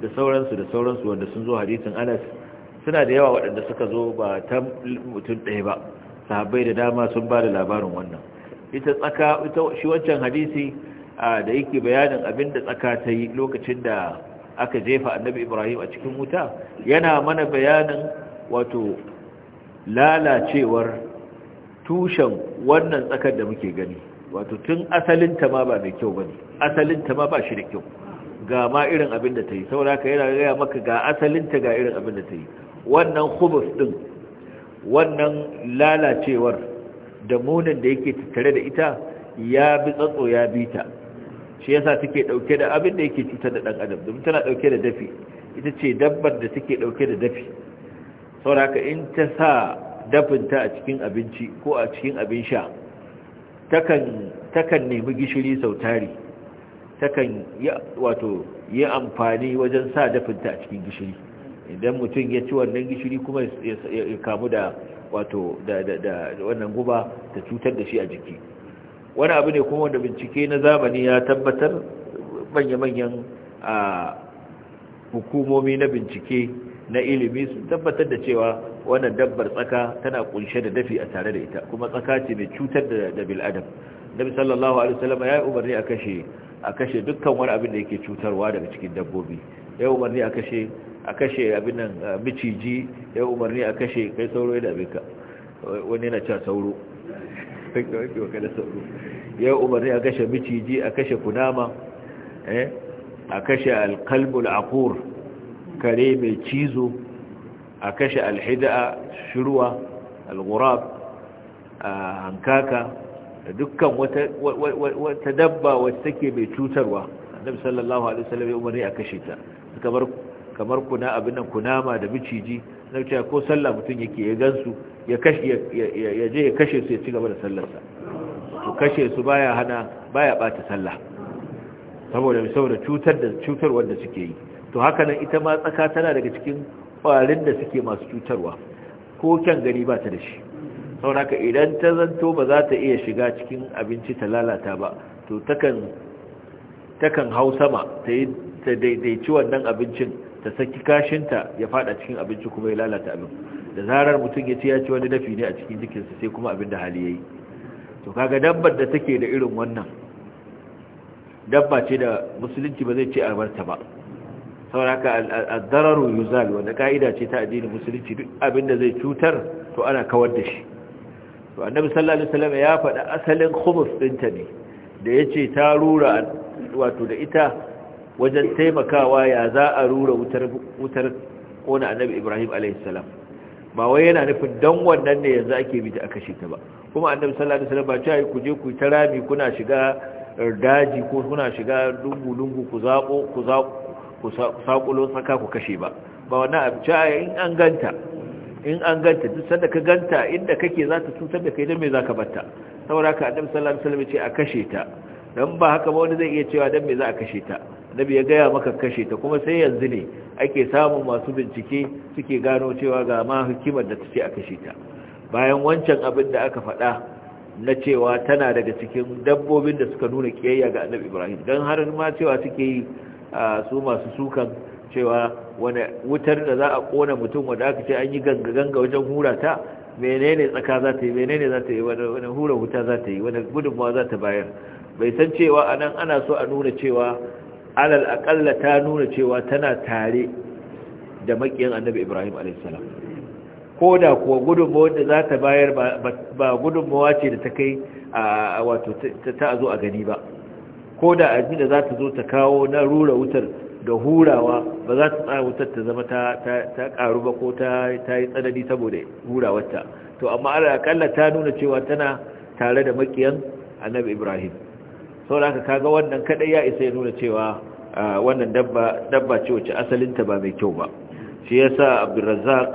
da sauransu da sauransu wanda sun zo hadisin Anas suna da yawa waɗanda suka zo ba ta mutum ɗaya ba sahabbai da dama sun ba da labarin wannan ita tsaka ita shi wancan hadisi da yake bayanin abin da tsaka ta yi lokacin da aka jefa annabi ibrahim a cikin wuta yana mana bayanin wato lalacewar tushen wannan tsakar da muke gani wato tun asalinta ma ba mai kyau ba ne asalinta ma ba shi da kyau ga ma irin abin da ta yi saboda ka yana gaya maka ga asalinta ga irin abin da ta yi wannan khubus din wannan lalacewar da munin da yake tattare da ita ya bi tsatso ya bi ta shi yasa take dauke da abin da yake cutar da dan adam domin tana dauke da dafi ita ce dabbar da take dauke da dafi saboda in ta sa dafinta a cikin abinci ko a cikin abin sha takan takan nemi gishiri sautari takan wato yi amfani wajen sa dafinta a cikin gishiri idan mutum ya ci wannan gishiri kuma ya kamu da wato da wannan guba ta cutar da shi a jiki wani abu ne kuma wanda bincike na zamani ya tabbatar manya-manyan a hukumomi na bincike na ilimi sun tabbatar da cewa wannan dabbar tsaka tana kunshe da dafi a tare da ita kuma tsaka ce mai cutar da bil'adam nabi sallallahu alaihi wasallam ya umarni a kashe a dukkan wani abin da yake cutarwa daga cikin dabbobi ya yi umarni a kashe a kashe abin nan miciji ya umarni a kashe kai sauro ya dame ka wani yana cewa sauro ya umarni a kashe miciji a kashe kunama eh, a kashe alkalmul akur kare mai cizo a kashe alhida shirwa alwurab, a hankaka dukkan wata dabba wacce take mai cutarwa annabi sallallahu alaihi wasallam ya umarni a kashe ta suka bar kamar kuna abin nan kunama da miciji na cewa ko sallah mutum yake ya gansu ya kashe ya je ya kashe su ya ci gaba da sallarsa to kashe su baya hana baya bata sallah saboda saboda cutar da cutar wanda suke yi to haka nan ita ma tsaka tana daga cikin kwarin da suke masu cutarwa ko kyan gari ba ta da shi sauraka idan ta zanto ba za ta iya shiga cikin abinci ta lalata ba to takan takan hau sama ta yi ta daidaici wannan abincin ta saki kashinta ya fada cikin abinci kuma ya lalata abin da zarar mutum ya ce ya ci wani dafi ne a cikin jikinsa sai kuma abin da hali ya yi to kaga dabbar da take da irin wannan dabba ce da musulunci ba zai ce albarta ba haka addararu yuzal wanda ka'ida ce ta addinin musulunci duk abin da zai cutar to ana kawar da shi to annabi sallallahu alaihi wasallam ya faɗa asalin khubus ɗinta ne da yace ta rura wato da ita wajen taimakawa ya za a rura wutar kona annabi ibrahim alaihissalam ba wai yana nufin don wannan ne yanzu ake ta a kashe ta ba kuma annabi sallallahu alaihi wasallam ba cewa ku je ku ta rami kuna shiga daji ko kuna shiga lungu lungu ku zako ku zako ku tsaka ku kashe ba ba wannan abu cewa in an ganta in an ganta duk sanda ka ganta inda kake za ta cutar da kai don me za ka batta saboda haka annabi sallallahu alaihi wasallam ya ce a kashe ta dan ba haka ba wani zai iya cewa dan me za a kashe ta annabi ya gaya maka kashe ta kuma sai yanzu ne ake samun masu bincike suke gano cewa ga ma hikimar da take a kashe ta bayan wancan abin da aka faɗa na cewa tana daga cikin dabbobin da suka nuna kiyayya ga annabi ibrahim don har ma cewa suke yi su masu sukan cewa wani wutar da za a kona mutum wanda aka ce an yi ganga-ganga wajen hura ta menene tsaka za ta yi menene za ta yi wani hura wuta za ta yi wani gudunmawa za ta bayar bai san cewa anan ana so a nuna cewa alal aƙalla ta nuna cewa tana tare da maƙiyan annabi ibrahim alaihissalam ko da kuwa gudunmawa da za ta bayar ba gudunmawa ce da ta kai wato ta zo a gani ba ko da da za ta zo ta kawo na rura wutar da hurawa ba za ta tsaya wutar ta zama ta karu ba ko ta yi tsanani saboda hurawarta to amma Alal akalla ta nuna cewa tana tare da makiyan annabi ibrahim saboda kaga wannan kadai ya isa ya nuna cewa wannan dabba ce wacce asalinta ba mai kyau ba shi yasa Abdurrazzaq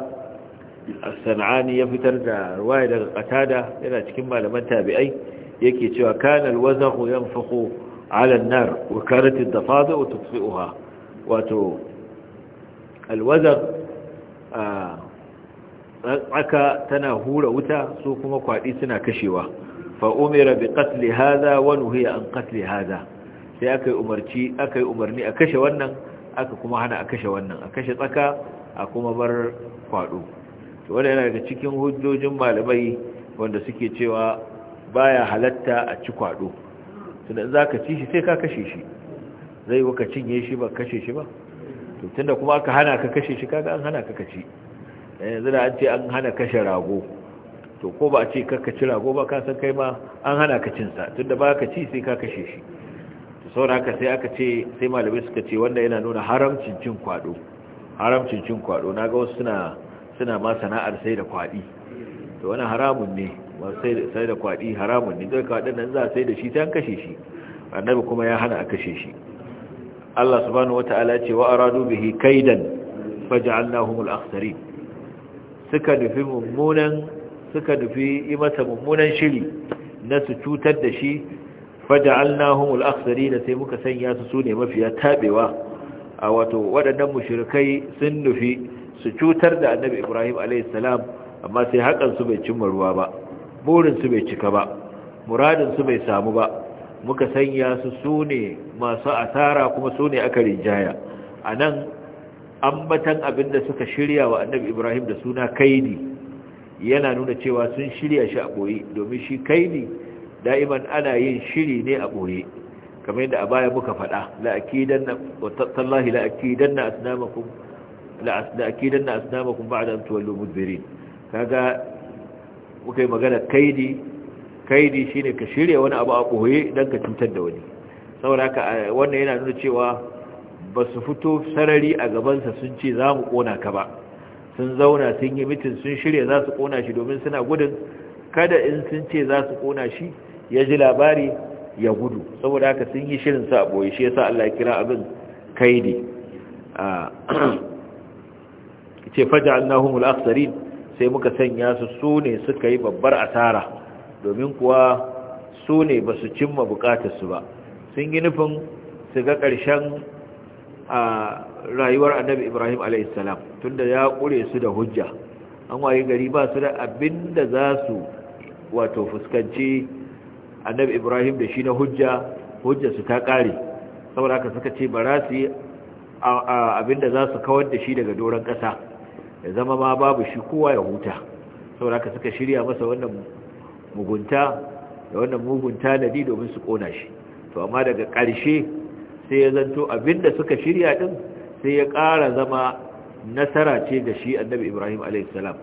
as-San'ani ya fitar da ruwaya daga katada yana cikin malaman tabi'ai yake cewa kanal al-wazakhu yanfakhu ala nar wa kanat ad-dafada wato alwazar wazakh tana hura wuta su kuma kwadi suna kashewa fa'umira bi katli haza wani huya an katli haza sai aka yi umarci aka yi umarni a kashe wannan aka kuma hana a kashe wannan a kashe tsaka a kuma bar kwado wanda yana daga cikin hujjojin malamai wanda suke cewa baya halatta a ci kwado tunan za ka ci shi sai ka kashe shi zai waka cinye shi ba kashe shi ba to tunda kuma aka hana ka kashe shi kaga an hana ka kaci eh, yanzu da an ce an hana kashe rago to ko ba a ce karka ci rago ba ka san kai ma an hana ka cin sa tunda ba ka ci sai ka kashe shi to saboda haka sai aka ce sai malamai suka ce wanda yana nuna haramcin cin kwado haramcin cin kwado naga wasu suna suna ma sana'ar sai da kwadi to wannan haramun ne ba sai sai da kwadi haramun ne dai kwadin nan za sai da shi sai an kashe shi annabi kuma ya hana a kashe shi Allah subhanahu wataala ce wa aradu bihi kaidan faj'alnahum al-akhsarin suka nufi mummunan suka nufi yi masa mummunan shiri na su cutar da shi faja'alnahum al-akhsari da sai muka sanya su sune mafiya tabewa a wato waɗannan mushrikai sun nufi su cutar da annabi Ibrahim alayhi salam amma sai hakan su bai cimma ruwa ba burin bai cika ba muradin su bai samu ba muka sanya su sune masu asara kuma sune aka rinjaya anan ambatan abinda suka shirya wa annabi Ibrahim da suna kaidi yana nuna cewa sun shirya shi a boye domin shi kaidi da'iman ana yin shiri ne a boye kamar yadda a baya muka faɗa la'akidanna wattallahi la'akidanna asnamakum la'akidanna asnamakum ba'da an tuwallu kaga muka yi magana kaidi kaidi shine ka shirya wani abu a boye don ka cutar da wani saboda haka wannan yana nuna cewa ba su fito sarari a gabansa sun ce za mu kona ka ba sun zauna sun yi mitin sun shirya za su kona shi domin suna gudun kada in sun ce za su kona shi ya ji labari ya gudu saboda haka sun yi shirin sa boye shi yasa Allah ya kira abin kaidi a ce al akhsarin sai muka sanya su su ne suka yi babbar asara domin kuwa su ne ba su cimma bukatarsu ba sun yi nufin su ga ƙarshen a rayuwar annabi ibrahim alaihissalam tunda ya kure su da hujja an waye gari ba su da abin da za su wato fuskanci annabi ibrahim da shi na hujja hujja su ta ƙare. saboda haka suka ce ba rasu abin da za su kawar da shi daga doron ƙasa ya zama ma babu shi kowa ya huta saboda haka suka shirya masa wannan mugunta da wannan mugunta tanadi domin su ƙona shi to amma daga ƙarshe sai ya zanto abinda suka shirya din sai ya ƙara zama nasara ce da shi annabi ibrahim alaihissalam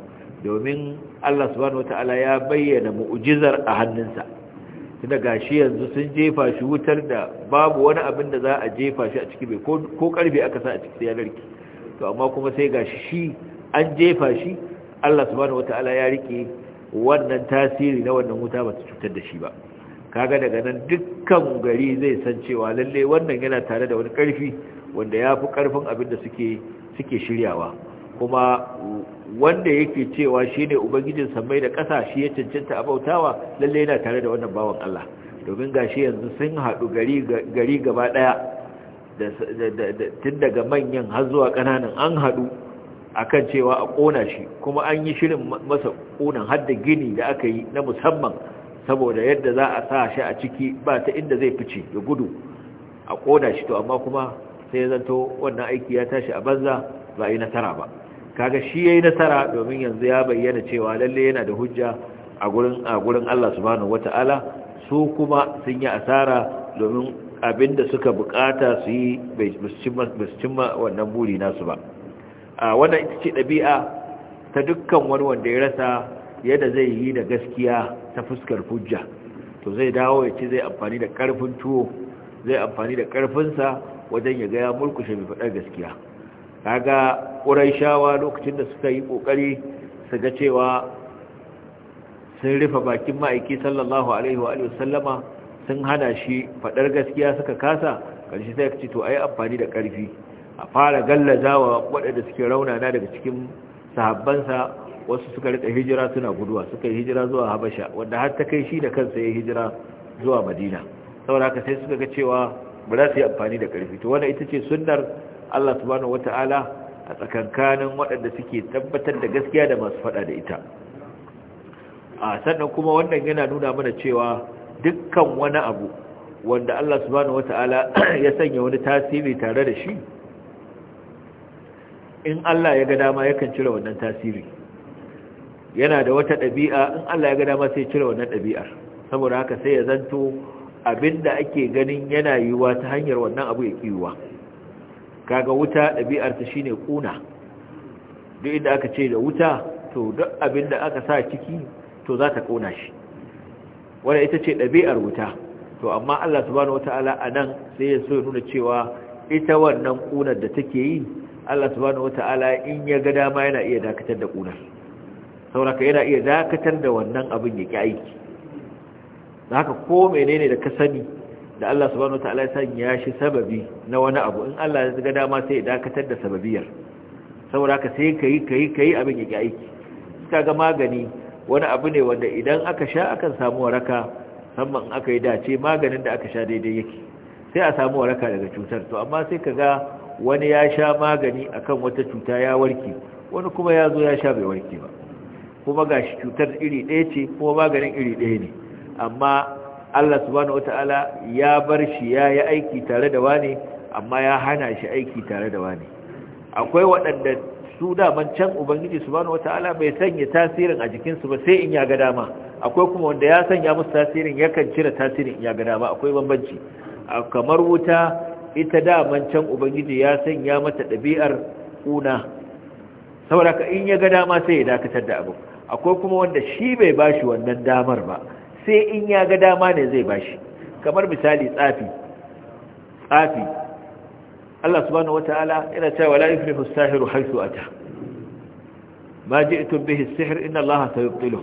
domin allah subhanahu wataala ya bayyana mu'ujizar a hannunsa tunda gashi yanzu sun jefa shi wutar da babu wani abin da za a jefa shi a ciki bai ko karfe aka sa a ciki sai ya narki to amma kuma sai gashi shi an jefa shi allah subhanahu wataala ya rike wannan tasiri na wannan wuta ba ta cutar da shi ba kaga daga nan dukkan gari zai san cewa lalle wannan yana tare da wani karfi wanda ya fi karfin abin da suke suke shiryawa kuma wanda yake cewa shi ne ubangijin samai da ƙasa shi ya cancanta abautawa lalle yana tare da wannan bawan Allah domin gashi yanzu sun haɗu gari gaba ɗaya tun daga manyan har zuwa ƙananan an haɗu akan cewa a ƙona shi kuma an yi shirin masa ƙonan har da gini da aka yi na musamman saboda yadda za a sa shi a ciki ba ta inda zai fice ya gudu a koda shi to amma kuma sai ya zanto wannan aiki ya tashi a banza ba yi nasara ba kaga shi yayi nasara domin yanzu ya bayyana cewa lalle yana da hujja a gurin a gurin Allah subhanahu wataala su kuma sun yi asara domin abin da suka bukata su yi bai cimma wannan buri nasu ba a wannan ita ce ɗabi'a ta dukkan wani wanda ya rasa yadda zai yi da gaskiya ta fuskar hujja to zai dawo ya ce zai amfani da karfin tuwo zai amfani da karfinsa wajen ya gaya ya shi mai faɗar gaskiya kaga shawa lokacin da suka yi ƙoƙari su ga cewa sun rufe bakin ma'aiki sallallahu alaihi wa sallama sun hana shi faɗar gaskiya suka kasa ƙarshe sai ka to a yi amfani da ƙarfi a fara gallaza wa waɗanda suke raunana daga cikin sahabbansa wasu suka rika hijira suna guduwa suka yi hijira zuwa habasha wanda har ta kai shi da kansa ya hijira zuwa madina saboda haka sai suka ga cewa ba za su yi amfani da karfi to wannan ita ce sunnar Allah subhanahu wataala a tsakankanin waɗanda suke tabbatar da gaskiya da masu faɗa da ita a sannan kuma wannan yana nuna mana cewa dukkan wani abu wanda Allah subhanahu wataala <clears throat> ya sanya wani tasiri tare da shi in Allah ya ga dama yakan cire wannan tasiri yana da wata ɗabi'a in Allah ya ga dama sai cire wannan ɗabi'ar saboda haka sai ya zanto abinda ake ganin yana yiwuwa ta hanyar wannan abu ya kiwuwa kaga wuta ɗabi'ar ta shine kuna duk inda aka ce da wuta to duk abinda aka sa ciki to za ta kona shi wanda ita ce ɗabi'ar wuta to amma Allah subhanahu wata'ala anan sai ya so ya nuna cewa ita wannan kunar da take yi Allah subhanahu wata'ala in ya ga dama yana iya dakatar da kunar sauraka yana iya dakatar da wannan abin ya ki aiki da haka ko menene da ka sani da Allah subhanahu wataala ya sanya shi sababi na wani abu in Allah ya ga dama sai ya dakatar da sababiyar saboda ka sai kai kai kai abin ya ki aiki suka ga magani wani abu ne wanda idan aka sha akan samu waraka in aka yi dace maganin da aka sha daidai yake sai a samu waraka daga cutar to amma sai ka ga wani ya sha magani akan wata cuta ya warke wani kuma ya zo ya sha bai warke ba kuma ga shi cutar iri ɗaya ce kuma maganin iri ɗaya ne amma Allah subhanahu wata'ala ya bar shi ya yi aiki tare da wani amma ya hana shi aiki tare da wani akwai waɗanda su daman can ubangiji subhanahu wata'ala bai sanya tasirin a jikinsu ba sai in ya ga dama akwai kuma wanda ya sanya musu tasirin yakan cire tasirin in ya ga dama akwai bambanci kamar wuta ita daman can ubangiji ya sanya mata ɗabi'ar ƙuna saboda ka in ya ga dama sai ya dakatar da abu akwai kuma wanda shi bai bashi wannan damar ba sai in ya ga dama ne zai bashi kamar misali tsafi tsafi Allah subhanahu wataala yana cewa wala yuflihu as-sahiru haythu ata ma ji'tu bihi as-sihr inna Allah sayubtilu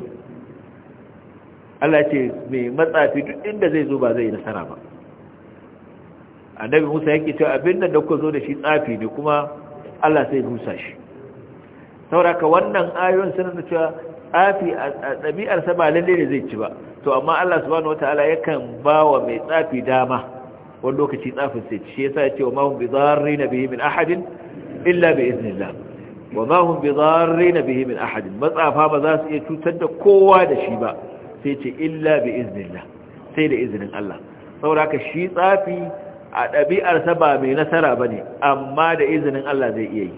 Allah ce mai matsafi duk inda zai zo ba zai nasara ba annabi Musa yake cewa abinda da kuka zo da shi tsafi ne kuma Allah sai rusa shi ka wannan ayoyin suna da cewa tsafi a ɗabi'arsa ba lalle ne zai ci ba to amma Allah subhanahu wataala yakan ba wa mai tsafi dama wani lokaci tsafin sai shi yasa ya ce wa ma hum bidarrin bihi min ahadin illa bi iznillah wa ma hum bidarrin bihi min ahadin matsafa ba za su iya cutar da kowa da shi ba sai ce illa bi iznillah sai da izinin Allah saboda ka shi tsafi a ɗabi'arsa ba mai nasara bane amma da izinin Allah zai iya yi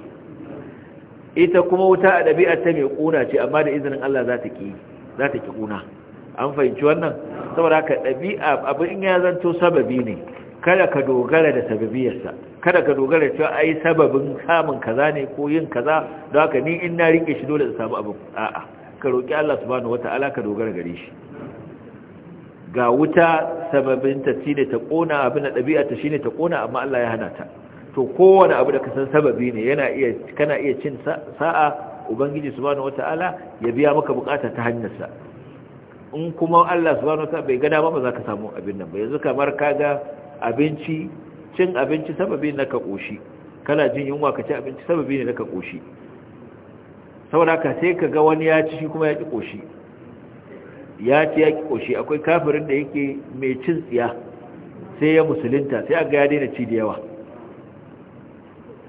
ita kuma wuta a ɗabi'ar ta mai ƙuna ce amma da izinin Allah za ta ƙi za ta ƙuna an fahimci wannan saboda haka ɗabi'a abin in ya zanto sababi ne kada ka dogara da sababiyarsa kada ka dogara cewa ai sababin samun kaza ne ko yin kaza don haka ni in na rike shi dole in samu abin a'a ka roƙi Allah subhanahu wata'ala ka dogara gare shi ga wuta sababin ta shine ta ƙona abin da ɗabi'a ta shine ta ƙona amma Allah ya hana ta to kowane abu da ka san sababi ne yana iya kana iya cin sa'a ubangiji subhanahu wataala ya biya maka bukata ta hanyarsa in kuma Allah subhanahu wataala bai gada ba ba za ka samu abin nan ba yanzu kamar kaga abinci cin abinci sababi ne ka koshi kana jin yunwa ka ci abinci sababi ne ka koshi saboda ka sai ka ga wani ya ci kuma ya ki koshi ya ci ya ki koshi akwai kafirin da yake mai cin tsiya sai ya musulunta sai a ga ya daina ci da yawa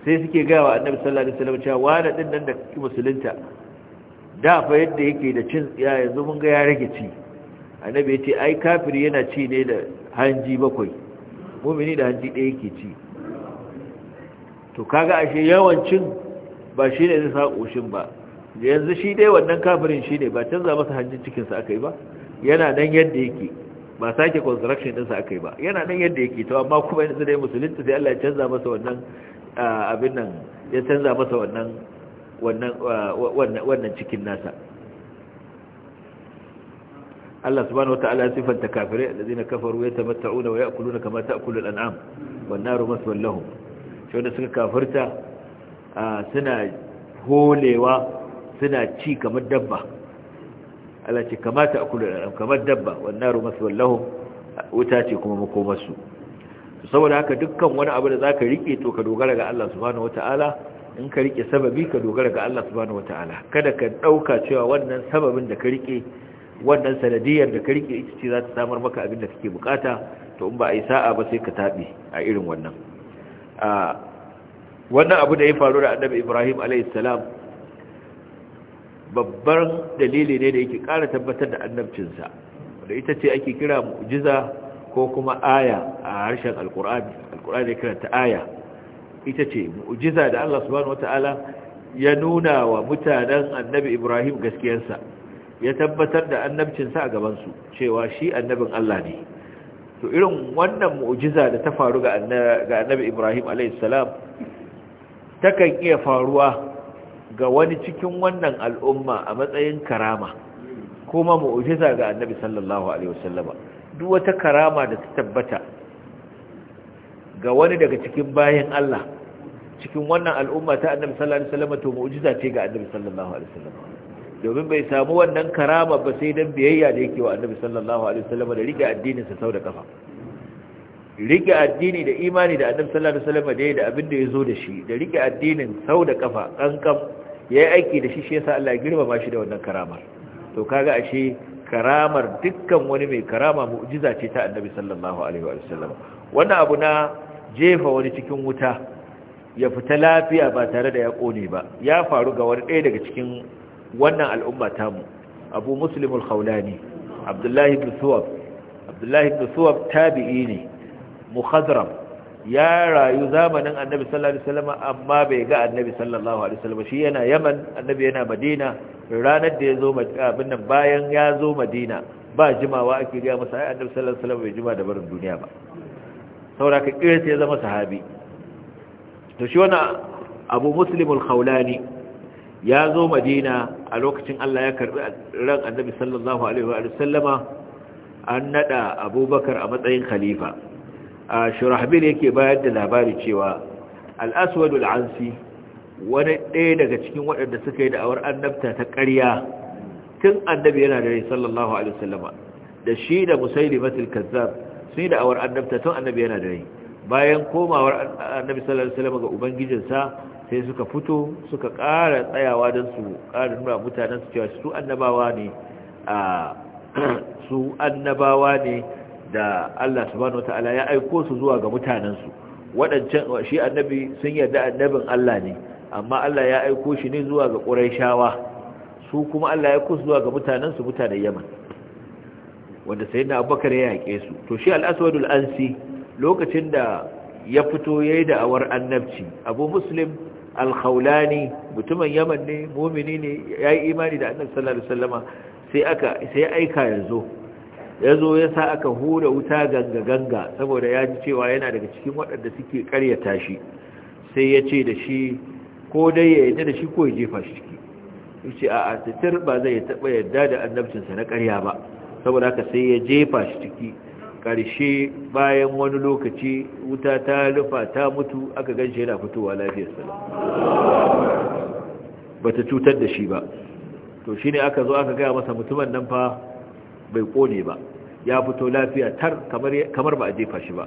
sai suke gaya wa annabi sallallahu alaihi wasallam cewa wani din nan da musulunta da fa yadda yake da cin tsiya yanzu mun ga ya rage ci annabi ya ce ai kafiri yana ci ne da hanji bakwai mumini da hanji ɗaya yake ci to kaga ashe yawancin ba shi ne zai sa ƙoshin ba yanzu shi dai wannan kafirin shi ne ba canza masa hanjin cikinsa aka yi ba yana nan yadda yake ba sake construction ɗinsa aka yi ba yana nan yadda yake to amma kuma yanzu dai musulunta sai Allah ya canza masa wannan abin nan ya canza masa wannan wannan cikin nasa Allah subhanahu wata'ala ya ta kafirai alladhina kafaru yatamatta'una wa ya'kuluna kama ta'kulu al-an'am wan naru maswan lahum shi wanda suka kafirta suna holewa suna ci kamar dabba Allah ce kama ta'kulu al-an'am kamar dabba wan naru maswan lahum wuta ce kuma makomarsu saboda haka dukkan wani abu da zaka rike to ka dogara ga Allah subhanahu ta'ala in ka riƙe sababi ka dogara ga Allah subhanahu ta'ala kada ka ɗauka cewa wannan sababin da ka riƙe wannan sanadiyar da ka riƙe ita ce za ta samar maka abin da kake bukata to in ba a yi sa'a ba sai ka tabi a irin wannan a wannan abu da ya faru da annabi Ibrahim alayhi salam babbar dalili ne da yake ƙara tabbatar da annabcinsa da ita ce ake kira mu'jiza ko kuma aya a harshen alkur'ani alkur'ani karanta aya ita ce mu'jiza da Allah subhanahu wataala ya nuna wa mutanen annabi Ibrahim gaskiyarsa ya tabbatar da annabcinsa a gabansu cewa shi annabin Allah ne to irin wannan mu'jiza da ta faru ga annabi Ibrahim alayhi takan iya faruwa ga wani cikin wannan al'umma a matsayin karama kuma mu'jiza ga annabi sallallahu alaihi wasallama duk wata karama da ta tabbata ga wani daga cikin bayan Allah cikin wannan al'umma ta annabi sallallahu alaihi wasallam to mu'jiza ce ga annabi sallallahu alaihi wasallam domin bai samu wannan karama ba sai dan biyayya da yake wa annabi sallallahu alaihi wasallam da rike addinin sa sau da kafa rike addini da imani da annabi sallallahu alaihi wasallam da yayi da abin da yazo da shi da rike addinin sau da kafa kankan yayi aiki da shi shi yasa Allah ya girmama shi da wannan karamar to kaga ashe karamar dukkan wani mai karama mu'jiza ce ta annabi sallallahu alaihi wannan abu na jefa wani cikin wuta ya fita lafiya ba tare da ya kone ba ya faru ga wani ɗaya daga cikin wannan al'umma tamu abu muslim khawlani abdullahi ibn suwab abdullahi ibn suwab tabi'i ne mukhazram ya rayu zamanin annabi sallallahu alaihi wasallam amma bai ga annabi sallallahu alaihi wasallam shi yana yaman annabi yana madina ranar da ya zo abin nan bayan ya zo madina ba jimawa ake ga masa ai annabi sallallahu alaihi wasallam bai jima da barin duniya ba saboda ka kira sai ya zama sahabi to shi wannan abu muslim al-khawlani ya zo madina a lokacin Allah ya karbi ran annabi sallallahu alaihi wasallama an nada abubakar a matsayin khalifa a shurahbil yake bayar da labari cewa al'aswadul ansi wani ɗaya daga cikin waɗanda suka yi da'awar annabta ta ƙarya tun annabi yana da rai sallallahu alaihi wasallama da shi da musailimatul kazzab sun yi da'awar annabta tun annabi yana da rai bayan komawar annabi sallallahu alaihi wasallama ga ubangijinsa sai suka fito suka ƙara tsayawa don su ƙara nuna mutanen su cewa su annabawa ne a <clears throat> su annabawa ne da Allah subhanahu wataala ya aiko su zuwa ga mutanensu waɗancan shi annabi sun yarda annabin Allah ne amma Allah ya aiko shi ne zuwa ga Qurayshawa su kuma Allah ya aiko su zuwa ga mutanensu mutanen Yaman wanda sayyidina Abubakar ya yake su to shi al-Aswadul Ansi lokacin da ya fito yayi da awar annabci Abu Muslim al mutumin Yaman ne mu'mini ne yayi imani da Annabi sallallahu alaihi wasallama sai aka sai aika yanzu ya zo ya sa aka hura wuta ganga-ganga saboda ya ji cewa yana daga cikin waɗanda suke karyata shi sai ya ce da shi ko dai ya yadda da shi ko ya jefa shi ciki ya ce a asitir ba zai taɓa yadda da annabcinsa na karya ba saboda haka sai ya jefa shi ciki ƙarshe bayan wani lokaci wuta ta rufa ta mutu aka gan shi yana fitowa lafiyarsa ba ta cutar da shi ba to shine aka zo aka gaya masa mutumin nan fa bai kone ba ya fito lafiya tar kamar ba a jefa shi ba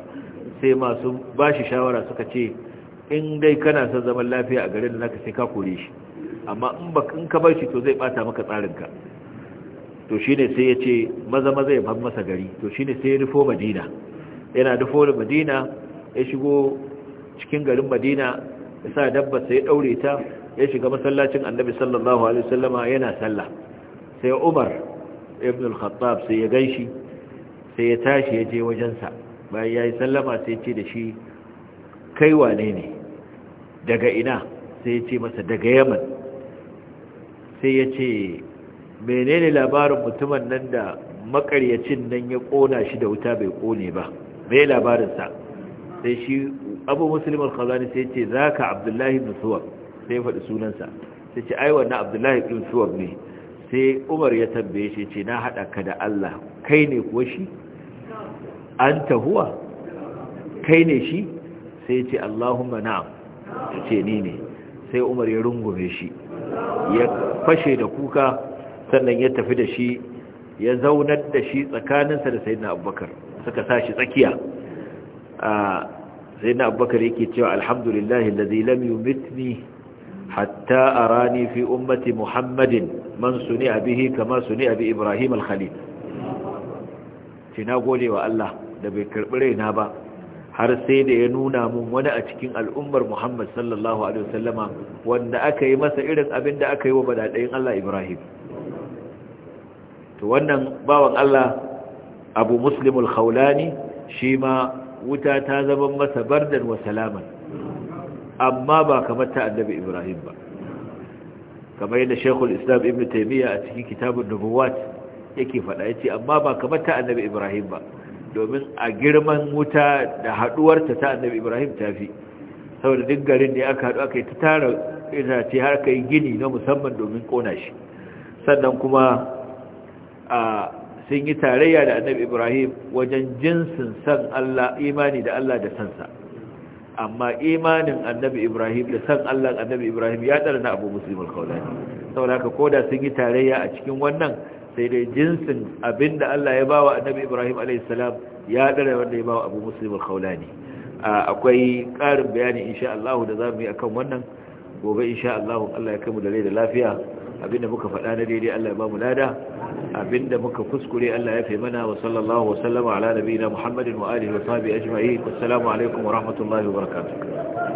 sai masu bashi shawara suka ce in dai kana son zaman lafiya a garin da naka sai ka kore shi amma in ba in ka bar shi to zai bata maka tsarinka to shine sai ya ce maza maza ya bar masa gari to shine sai ya rufo madina yana rufo da madina ya shigo cikin garin madina ya sa dabba sai ya daure ta ya shiga masallacin annabi sallallahu alaihi wasallama yana sallah sai umar ibn al-khattab sai ya ganshi sai ya tashi ya je wajensa bayan ya yi sallama sai ce da shi kai wane ne daga ina sai ya ce masa daga yaman sai ya ce menene labarin mutumin nan da makaryacin nan ya kona shi da wuta bai kone ba mai labarinsa sai shi abu musulman al-khazani sai ce za ka abdullahi ibn sai ya faɗi sunansa sai ce aiwa wannan abdullahi ibn ne sai umar ya tambaye shi ce na haɗa ka da Allah kai ne kuwa shi an tahuwa kai ne shi sai ce Allahumma na'am ce ni ne sai umar ya rungume shi ya fashe da kuka sannan ya tafi da shi ya zaunar da shi tsakaninsa da sayyidina abubakar suka shi tsakiya sayyidina abubakar yake cewa alhamdulillah allazi lam yumitni hatta arani fi ummati muhammadin man suni abihi kama suni abi ibrahim al-khalil ce na gode wa Allah da bai karɓi raina ba har sai da ya nuna mun wani a cikin al'ummar Muhammad sallallahu Alaihi wasallama wanda aka yi masa irin abin da aka yi wa badaɗayin Allah Ibrahim. To wannan bawan Allah abu Muslimul Khawlani shi ma wuta ta zama masa bardan wa salaman, amma ba kamar ta annabi Ibrahim ba. kamar yadda shekul islam ibn taimiyya a cikin kitabun nubuwat yake faɗa ya ce amma ba kamar ta annabi ibrahim ba domin a girman wuta da haɗuwarta ta annabi ibrahim ta fi saboda duk garin ne aka haɗu aka yi ta tara ce har ka yi gini na musamman domin kona shi sannan kuma a sun yi tarayya da annabi ibrahim wajen jinsin san allah imani da allah da sansa amma imanin annabi ibrahim da san allah annabi ibrahim ya ɗara na abu musulman kaulani saboda haka ko da sun yi tarayya a cikin wannan sai dai jinsin abinda allah ya bawa annabi ibrahim alaihissalam ya ɗara wanda ya bawa abu musulman kaulani akwai ƙarin bayani insha allahu da za mu yi akan wannan gobe insha allahu allah ya kai mu da rai da lafiya abinda muka faɗa na daidai Allah ya ba mu lada abinda muka kuskure Allah ya fi mana wa sallallahu wa sallama ala nabiyina Muhammadin wa alihi wa sahbihi ajma'in assalamu alaikum wa rahmatullahi wa barakatuh